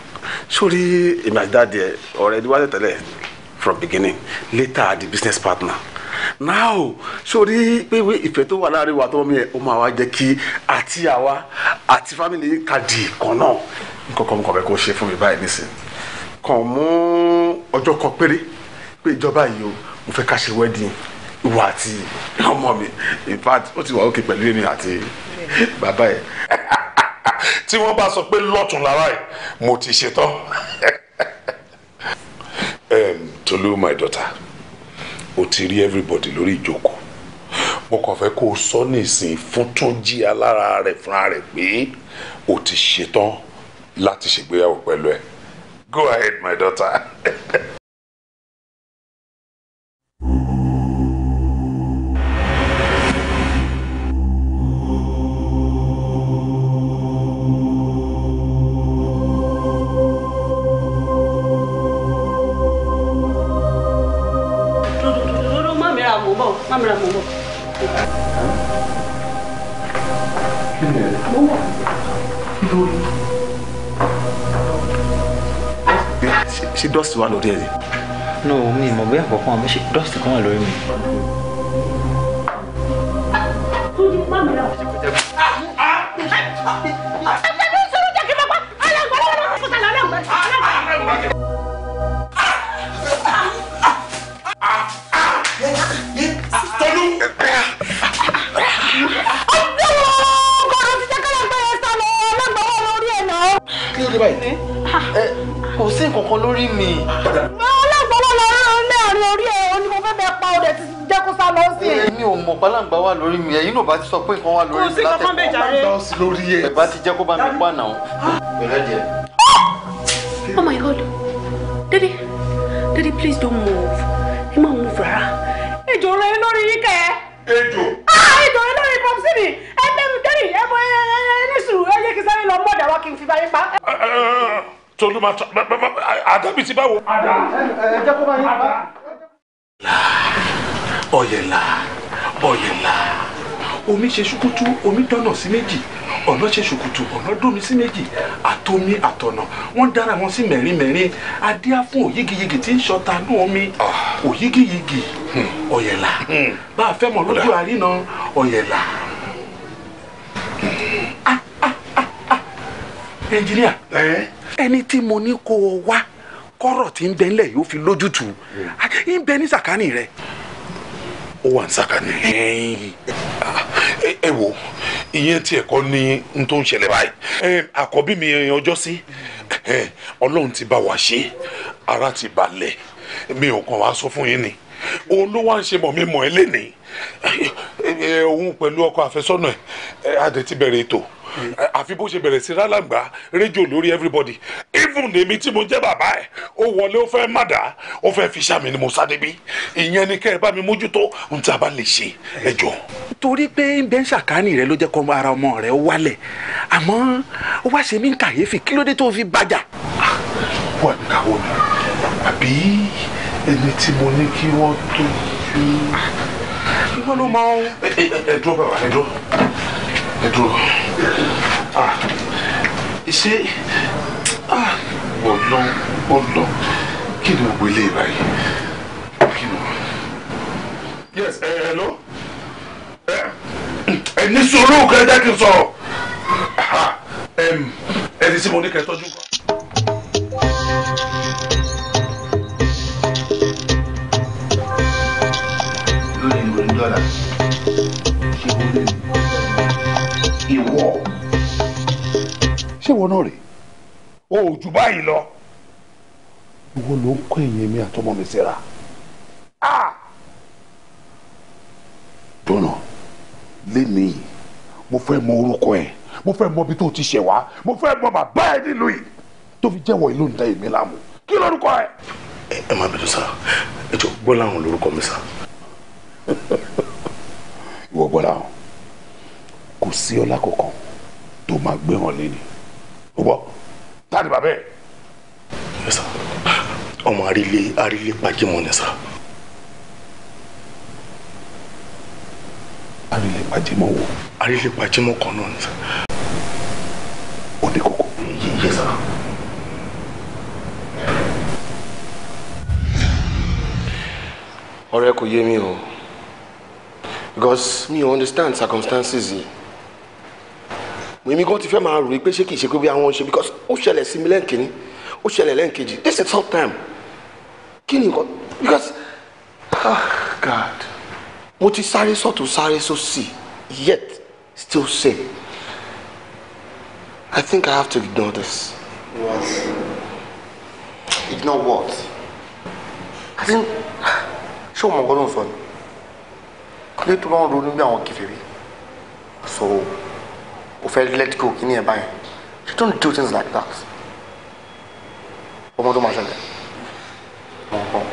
sórí èmi àti dáadé ọ̀rẹ́ ẹni wá tẹ̀tẹ̀lẹ̀ from beginning later the business partner now sori we ìfẹ́ tó wà láàrin wa tó mi yẹ ó máa wá jẹ́ kí àti àwa àti family ka di kan náà nǹkan kan kọ̀ bẹ́ẹ̀ kó ṣe fún mi báyìí nísìnyí kàn mú ọjọ́ kan péré pé ìjọba yìí o mo fẹ́ ká ṣe wedding ìwà àti ọmọ mi in fact ó ti wà òkè pẹ̀lú èmi àti bàbá yẹn tí wọ́n bá sọ pé lọ́tún lára ẹ̀ mo ti ṣetán. Tolu my daughter o ti rí everybody lórí ìjókòó mo kàn fẹ́ kó o sọ nísìn fún Túnjí alára rẹ̀ fúnra rẹ̀ pé o ti ṣetán láti ṣègbéyàwó pẹ̀lú ẹ go ahead my daughter. ṣé dọ́ọ̀sì wà lórí ẹ̀. no mi ò mọ̀ bí àkọ́kọ́ mi ṣe dọ́ọ̀sì kan wà lórí mi. mi. ọlọ́gbọ́n lọ rán lẹ́ẹ̀rin orí ẹ̀ o ni mo fẹ́ bẹ́ẹ̀ pa ọdẹ ti jẹ́ kó sá lọ sí ẹ̀. mi ò mọ̀ pálángbá wà lórí mi ẹ̀yin náà bá ti sọ pé nǹkan wà lórí mi látẹ̀kọ́ pálángbá sí lórí ẹ̀. ẹ̀ bá ti jẹ́ kó bá mi pa náà. pẹ̀lẹ́ díẹ̀. Oh my God Daddy Daddy please don't move ẹ má move rárá ejò rẹ lórí yín kẹ. ejò. ejò rẹ lórí pọp sí mi ẹ bẹ́ẹ̀ mi Daddy ẹ bọ ẹ ẹ ní sùúrù ẹ yẹ kí sáré lọ mọ̀dà wá kí n fi báyìí pa. Tolú ma àdàbí ti báwo. àdá ẹ jẹ́ kó máa yín bá. ọ̀yẹ̀là ọ̀yẹ̀là omi ṣe ṣukutu omi dọ́nà sí méjì ọ̀nà ṣe ṣukutu ọ̀nà dómi sí méjì àtomi àtọ̀nà wọ́n dára wọn sí mẹ́rin mẹ́rin adíá fún òyigiyigi tí ń ṣọta ní omi ah. òyigiyigi hmm. ọ̀yẹ̀là hmm. bá a fẹ́ mọ̀ lójú àríná ọ̀yẹ̀là. Ah, ah, ẹnjìníà ẹni tí mo ní kó o wá kọ́rọ̀ tí ń bẹ ńlẹ̀ yóò fi lójútùú ń bẹ ní sàkání rẹ. ó wà ní sàkání. ẹ wo ìyẹn tí ẹ̀kọ́ ní n tó ń ṣẹlẹ̀ báyìí àkọ́bí mi ọjọ́ sí ọlọ́run ti bá wa ṣe ara ti balẹ̀ mi ò kàn wá sọ fún yín ni òun ló wá ń ṣe mọ̀ mi mọ̀ lẹ́nìí òun pẹ̀lú ọkọ àfẹ́sọ́nà ẹ̀ adẹ̀ ti bẹ̀rẹ̀ ètò àfi bó ṣe bẹ̀rẹ̀ sí rálàgbà rédíò lórí everybody even èmi tí mo jẹ́ bàbá ẹ̀ ó wọlé ó fẹ́ má dà ó fẹ́ fi sàmì ni mo sá débi ìyẹn ni kẹ́ ẹ bá mi mójútó ohun tí a bá lè ṣe ẹ jọ. torí pé ń bẹ́ ń ṣàkání rẹ ló jẹ́ kó ara ọmọ rẹ wálẹ̀ àmọ́ ó wá ṣe mí ń kàyéfì kí ló dé tó fi bàjá. wọ́n mi kàwọ́ mi àbí ẹni tí mo ní kí wọ́n tó fi. ìwọ ló mọ. ẹ ẹ ẹ dúró bàbá ẹ dúró ẹ dúró ah. ṣé ọlọ ah. ọlọ kí ni gbogbo ilé ìbáyìí kí ni. yes ẹ ẹ lọ ẹ ní sùúrù kẹjá kí n sọ̀rọ̀ ẹ ní sí mo ní kẹtọ́jú kan. lórí ìròyìn dọ́là. wọ̀ ṣé ìwọ náà rè o ò jù báyìí lọ ìwọ ló ń kọ́ ẹ̀yìn mi àtọmọ mi síra dùnà lénìí mo fẹ́ mọ orúkọ ẹ̀ mo fẹ́ mọ ibi tó ti ṣẹ̀ wá mo fẹ́ mọ bàbá ẹ̀ nílùú yìí tó fi jẹ́wọ́ ìlú ǹda èmi láàmú kí lórúkọ ẹ̀. ẹ má bẹ̀rù sá ẹ jọ gbọ́ láwọn lórúkọ mi sá. ìwọ gbọ́ láwọn kò sí ọlá kankan tó máa gbé hàn lẹ́nu ó bọ̀ táàdì bàbá ẹ̀. ẹ sà ọmọ àrílé àrílé pàjẹmọ ni sà. àrílé pàjẹmọ wo. àrílé pàjẹmọ kan náà ni sà. ó ní kókó. yíyí kò yé mi o because mi understand circumstances yìí èmi gan ti fẹ́ máa rò pé ṣé kìí ṣe pé bí àwọn ṣe because ó ṣẹlẹ̀ sí mi lẹ́ǹkìní ó ṣẹlẹ̀ lẹ́ǹkejì this is tough time kí ni nǹkan because ah God mo ti sáré sọ́tún sáré sósì yet still same I think I have to ignore this. Yes. Ignore what? I think ṣé o mọ̀ gbọ́dọ̀ sọ ni? Kúlẹ̀ tó lọ́n ronú bí àwọn kẹfẹ́ rí. So o fẹ́ let go kí ni ẹ̀ you don't do things like that ọmọ do máa ṣẹlẹ̀ mọ nǹkan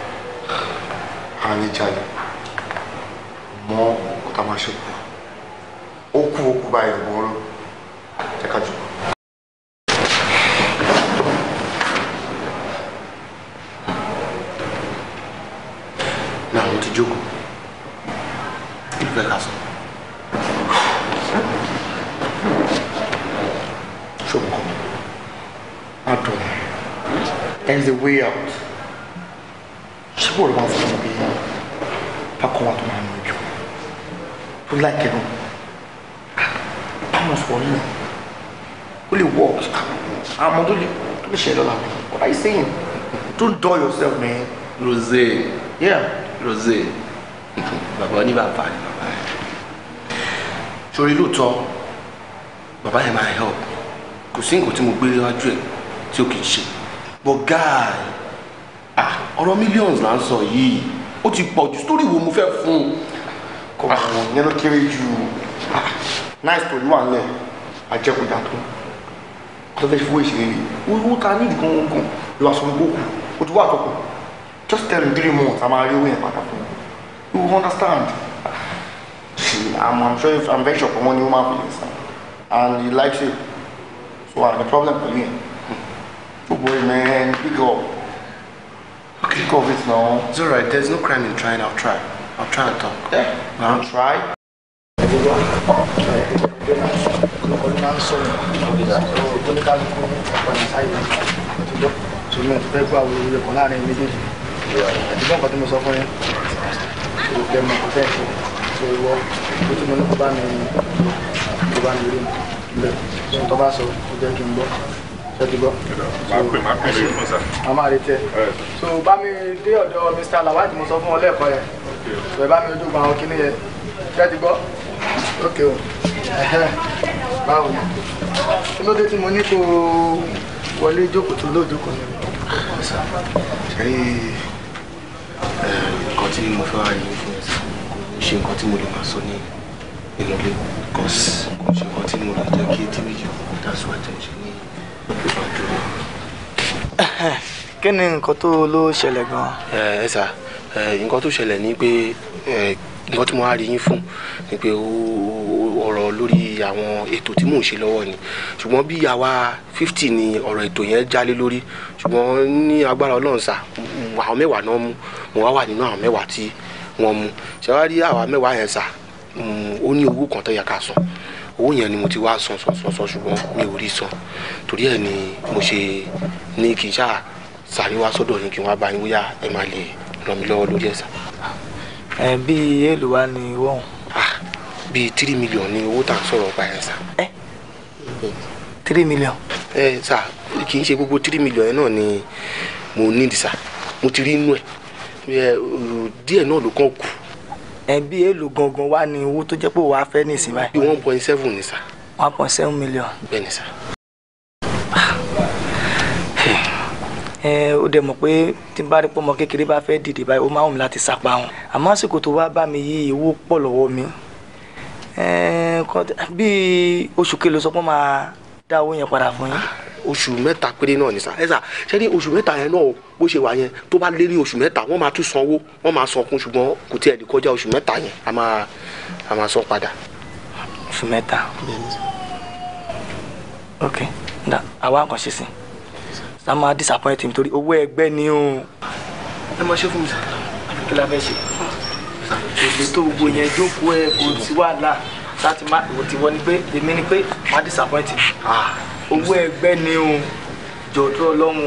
àárín jalè mọ nǹkan tá a máa ṣe kù ó kú ó kú báyìí gbòòrò jẹ́ ká jù lọ. náà mọ́tò there is a way out ṣé bó o lè máa fún mi bí pákó wa tó máa ń lójú tó láìpẹ́ nù pámọ̀ sọ̀rọ̀ yìí ó lè ah, wọ̀ àmọ́ tó lè what are you saying don't do yourself man. rosé yeah rosé bàbá ní bàbá ní bàbá yẹn sórí lóòótọ́ bàbá yẹn máa help kò sí nǹkan tí mo gbé léwájú ẹ̀ tí ó kì í ṣe but guy ah ọ̀rọ̀ millions là ń sọ yìí ó ti pọ̀ ju story wo mo fẹ́ fún un. kò mọ̀ ní ló kéré ju ah, nice story wà nílẹ̀ àjẹkùjà tó tó fẹ́ fowó ìṣeré rè owó ta ní ìdìkan ogun lọ aṣọ gbogbo kù ó ti wá àtọkù just tell me three months a máa rí owó yẹn padà fún un you understand ah, i'm i'm sure if i'm very sure pé wọ́n ní woman feelings and he likes you so i have a problem pẹ̀lú yẹn. Oh boy, man, pick up. Okay. Pick up it now. It's alright, there's no crime in trying. I'll try. I'll try and talk. Yeah. Now I'll try. ṣùgbọ́n ìfẹ́ gbà wo ilé kan láàrin méjèèjì ẹ̀dùnkàn kan tí mo sọ fún yín ṣòro pé mo kò fẹ́ẹ̀ ṣe ìwọ tó tí mo ní kó bá mi kó bá mi rí mi bẹ́ẹ̀ tó bá sọ kó jẹ́ kí n gbọ́ ṣètìgbọ́. máa pè máa pè lórí fún sa. a máa retí ẹ. so bá mi dé ọ̀dọ̀ Mr. Lawal mo sọ fún ọ lẹ́ẹ̀kan yẹn bẹ́ẹ̀ bá mi ojú gba àwọn kinní yẹn ṣètìgbọ́. ok o báwo ni inú dé tí mo ní kó wọlé jókòó tó lóòjókòó ni. ṣe nǹkan tí mo fẹ́ wá yìí fún ẹ ṣe nǹkan tí mo lè máa sọ ní ìlọlẹ́ kọ́sì kò ṣe nǹkan tí mo lè jẹ́ kí etí mi jù that's why i kí ni nǹkan tó ló ṣẹlẹ̀ gan-an. ẹ ẹ sà nǹkan tó ṣẹlẹ̀ ni pé nǹkan tí mo á rí yín fún ni pé ọ̀rọ̀ lórí àwọn ètò tí mò ń ṣe lọ́wọ́ ni ṣùgbọ́n bí àwa fifty ni ọ̀rọ̀ ètò yẹn jálé lórí ṣùgbọ́n ní agbára ọlọ́run sà àwọn mẹ́wàá náà mú mo wá wà nínú àwọn mẹ́wàá tí wọ́n mú ṣe àwa mẹ́wàá yẹn sà mm, ó ní owó kan tó yẹ ká san owó yẹn ni mo ti wá san san san san ṣùgbọ́n mi ò rí san torí ẹ̀ ni mo ṣe ní kí n ṣáà sáré wá sọ́dọ̀ yín kí n wá bá yín bóyá ẹ máa lè ràn mí lọ́wọ́ lórí ẹ̀sà. ẹ bí èèlò wa ni wọ́n. Ah, bíi three million ni owó tá à ń sọ̀rọ̀ ọba ẹ̀ sà. ẹ three million. ẹ sà kì í ṣe gbogbo three million yẹn náà ni mo ní ìdìsà mo ti rí inú ẹ díẹ̀ náà ló kàn kù ẹbí èlò gangan wà ní owó tó jẹ́ pé wàá fẹ́ ní ìsinmi. bí one point seven ni sà. one point seven million. bẹ́ẹ̀ni sà. ẹ ó dẹ̀ mọ̀ pé tí n bá rí pọ́mọ kékeré bá fẹ́ dìde báyìí ó máa wù láti sapá wọn. àmọ́ àsìkò tó wá bá mi yí owó pọ̀ lọ́wọ́ mi bíi oṣù kelo sọ pé máa dá owó yẹn padà fún yín. oṣù mẹ́ta péré náà ni sà ẹ sà ṣé ní oṣù mẹ́ta yẹn náà bó ṣe wà yẹn tó bá lé ní oṣù mẹ́ta wọ́n máa tún sanwó wọ́n máa san kún ṣùgbọ́n kò tiẹ̀ lè kọjá oṣù mẹ́ta yẹn a máa a máa san padà. oṣù mẹ́ta ok nda àwa kàn ṣe sìn sá máa disappoint mi torí owó ẹgbẹ́ ni o. ẹ máa ṣe fún mi sà kí la fẹ́ ṣe ètò ògbò yẹn jókòó ẹ kò sí wàhálà láti má ìwò tiwọ́ ni pé èmi ni pé má disappoint mi ah, owó ẹgbẹ́ ni o jòdó ọlọ́run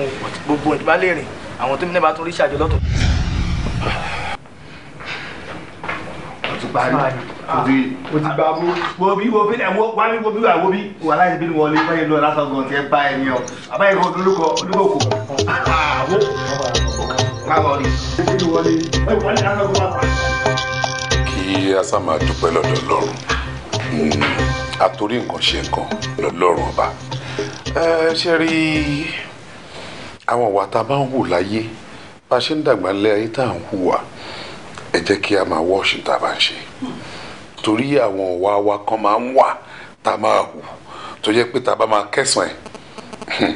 gbogbo ìgbà lè rìn àwọn tó ní bá tún rí ṣàjọ lọ́tọ̀. Ah, wo bí wo bí ẹ wo wá bí wo bí wà wo bí wà láyé bí wọlé báyìí lọ lásán gan tiẹ bá ẹ ní ọ àbáyé kan olùkọ olùkọ kò. kí a sá máa dúpẹ́ lọ́dọ̀ Ọlọ́run àtòrí nǹkan ṣe nǹkan lọ́lọ́run ọba ṣe rí àwọn ìwà tá a bá ń hù láyé bá a ṣe ń dàgbà lé ayé tá à ń hùwà ẹ jẹ́ kí a máa wọ́ọ̀ṣì tá a bá ń ṣe torí àwọn ìwà wa kan máa ń wà tá a máa hù tó jẹ́ pé tá a bá máa kẹsàn ẹ̀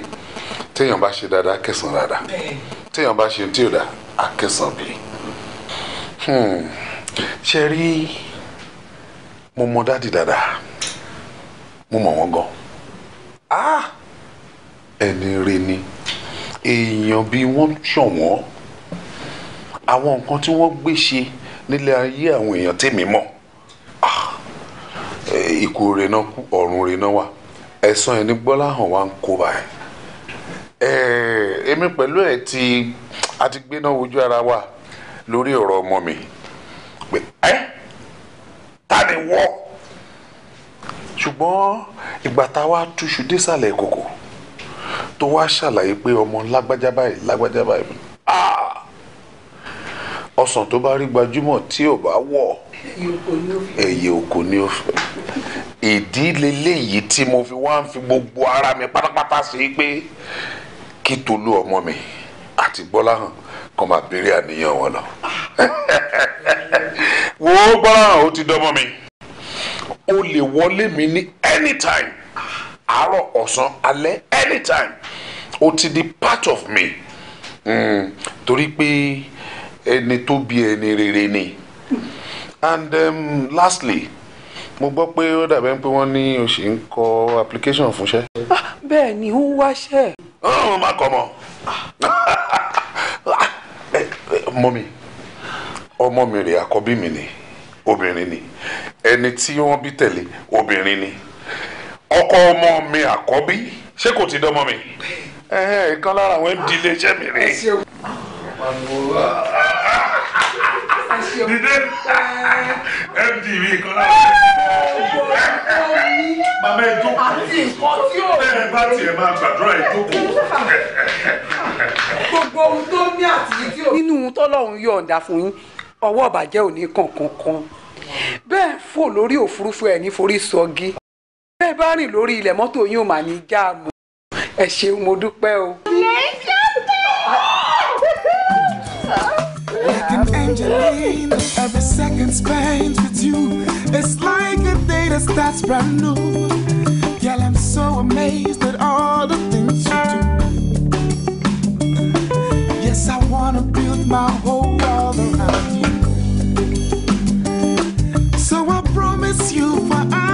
téèyàn bá ṣe dáadáa kẹsàn dáadáa téèyàn bá ṣe tí ò dáa akẹsàn bìí ṣe rí mo mọ dáàdì dáadáa mo mọ̀ wọ́n gan ah! ẹni rẹ ni èèyàn bíi wọ́n ṣọ̀wọ́n àwọn nǹkan tí wọ́n gbé ṣe nílé ayé àwọn èèyàn tèmi mọ̀ ah! ikú rẹ̀ náà kú ọ̀run rẹ̀ náà wà ẹ̀san ẹni gbọ́lá hàn wá ń kó báyìí èmi pẹ̀lú ẹ̀ ti a ti gbéná wojú ara wa lórí ọ̀rọ̀ ọmọ mi pé ẹ́ ta ni wọ́ ṣùgbọ́n ìgbà tá a wá túṣu désàlẹ̀ kòkò tó wá ṣàlàyé pé ọmọ lágbájá báyìí lágbájá báyìí ọsàn tó bá rí gbajúmọ̀ tí ò bá wọ̀ ẹ̀yẹ oko ni ó fẹ́ ìdí leléyìí tí mo fi wá ń fi gbogbo ara mi pátápátá sí i pé kí Tolú ọmọ mi àti Gbọ́láhàn kàn máa béèrè àníyàn wọn lọ. Ah, wo gbọ́ràn ó ti dọ́mọ́ mi o lè wọlé mi ní anytime àárọ̀ ọ̀sán alẹ́ anytime o ti di part of me mm. torí pé ẹni tó bí ẹni rere ni and um, lastly mo gbọ́ pé ó dàbẹ́ pé wọ́n ní o ṣì ń kọ application fúnṣẹ́. Ah, bẹ́ẹ̀ ni ó ń wáṣẹ́. ọ̀hún má kọ́ mọ́ mọ́mi ọmọ mi rè àkọ́bí mi ni obìnrin ni ẹni tí wọ́n bí tẹ̀lé obìnrin ni ọkọ ọmọ mi àkọ́bí ṣé kò ti dọ́mọ mi ìkan lára àwọn md ilé iṣẹ́ mi rè. dídé md mi ìkan lára mama ẹ jókòó bẹ́ẹ̀ bá tiẹ̀ máa gbàdúrà ẹ jókòó. gbogbo ohun tó ní àtìyí tí o. nínú ohun tọ́lọ́run yọ̀ǹda fún yín ọwọ́ ọ̀bàjẹ́ ò ní kàn kankan bẹ́ẹ̀ fò lórí òfurufú ẹ̀ ní forí sọgí bẹ́ẹ̀ bá rìn lórí ilẹ̀ mọ́tò yín ò ní já ẹ ṣeun mo dúpẹ́ o. so amazed at all the things you do Yes, I wanna build my whole world around you miss you for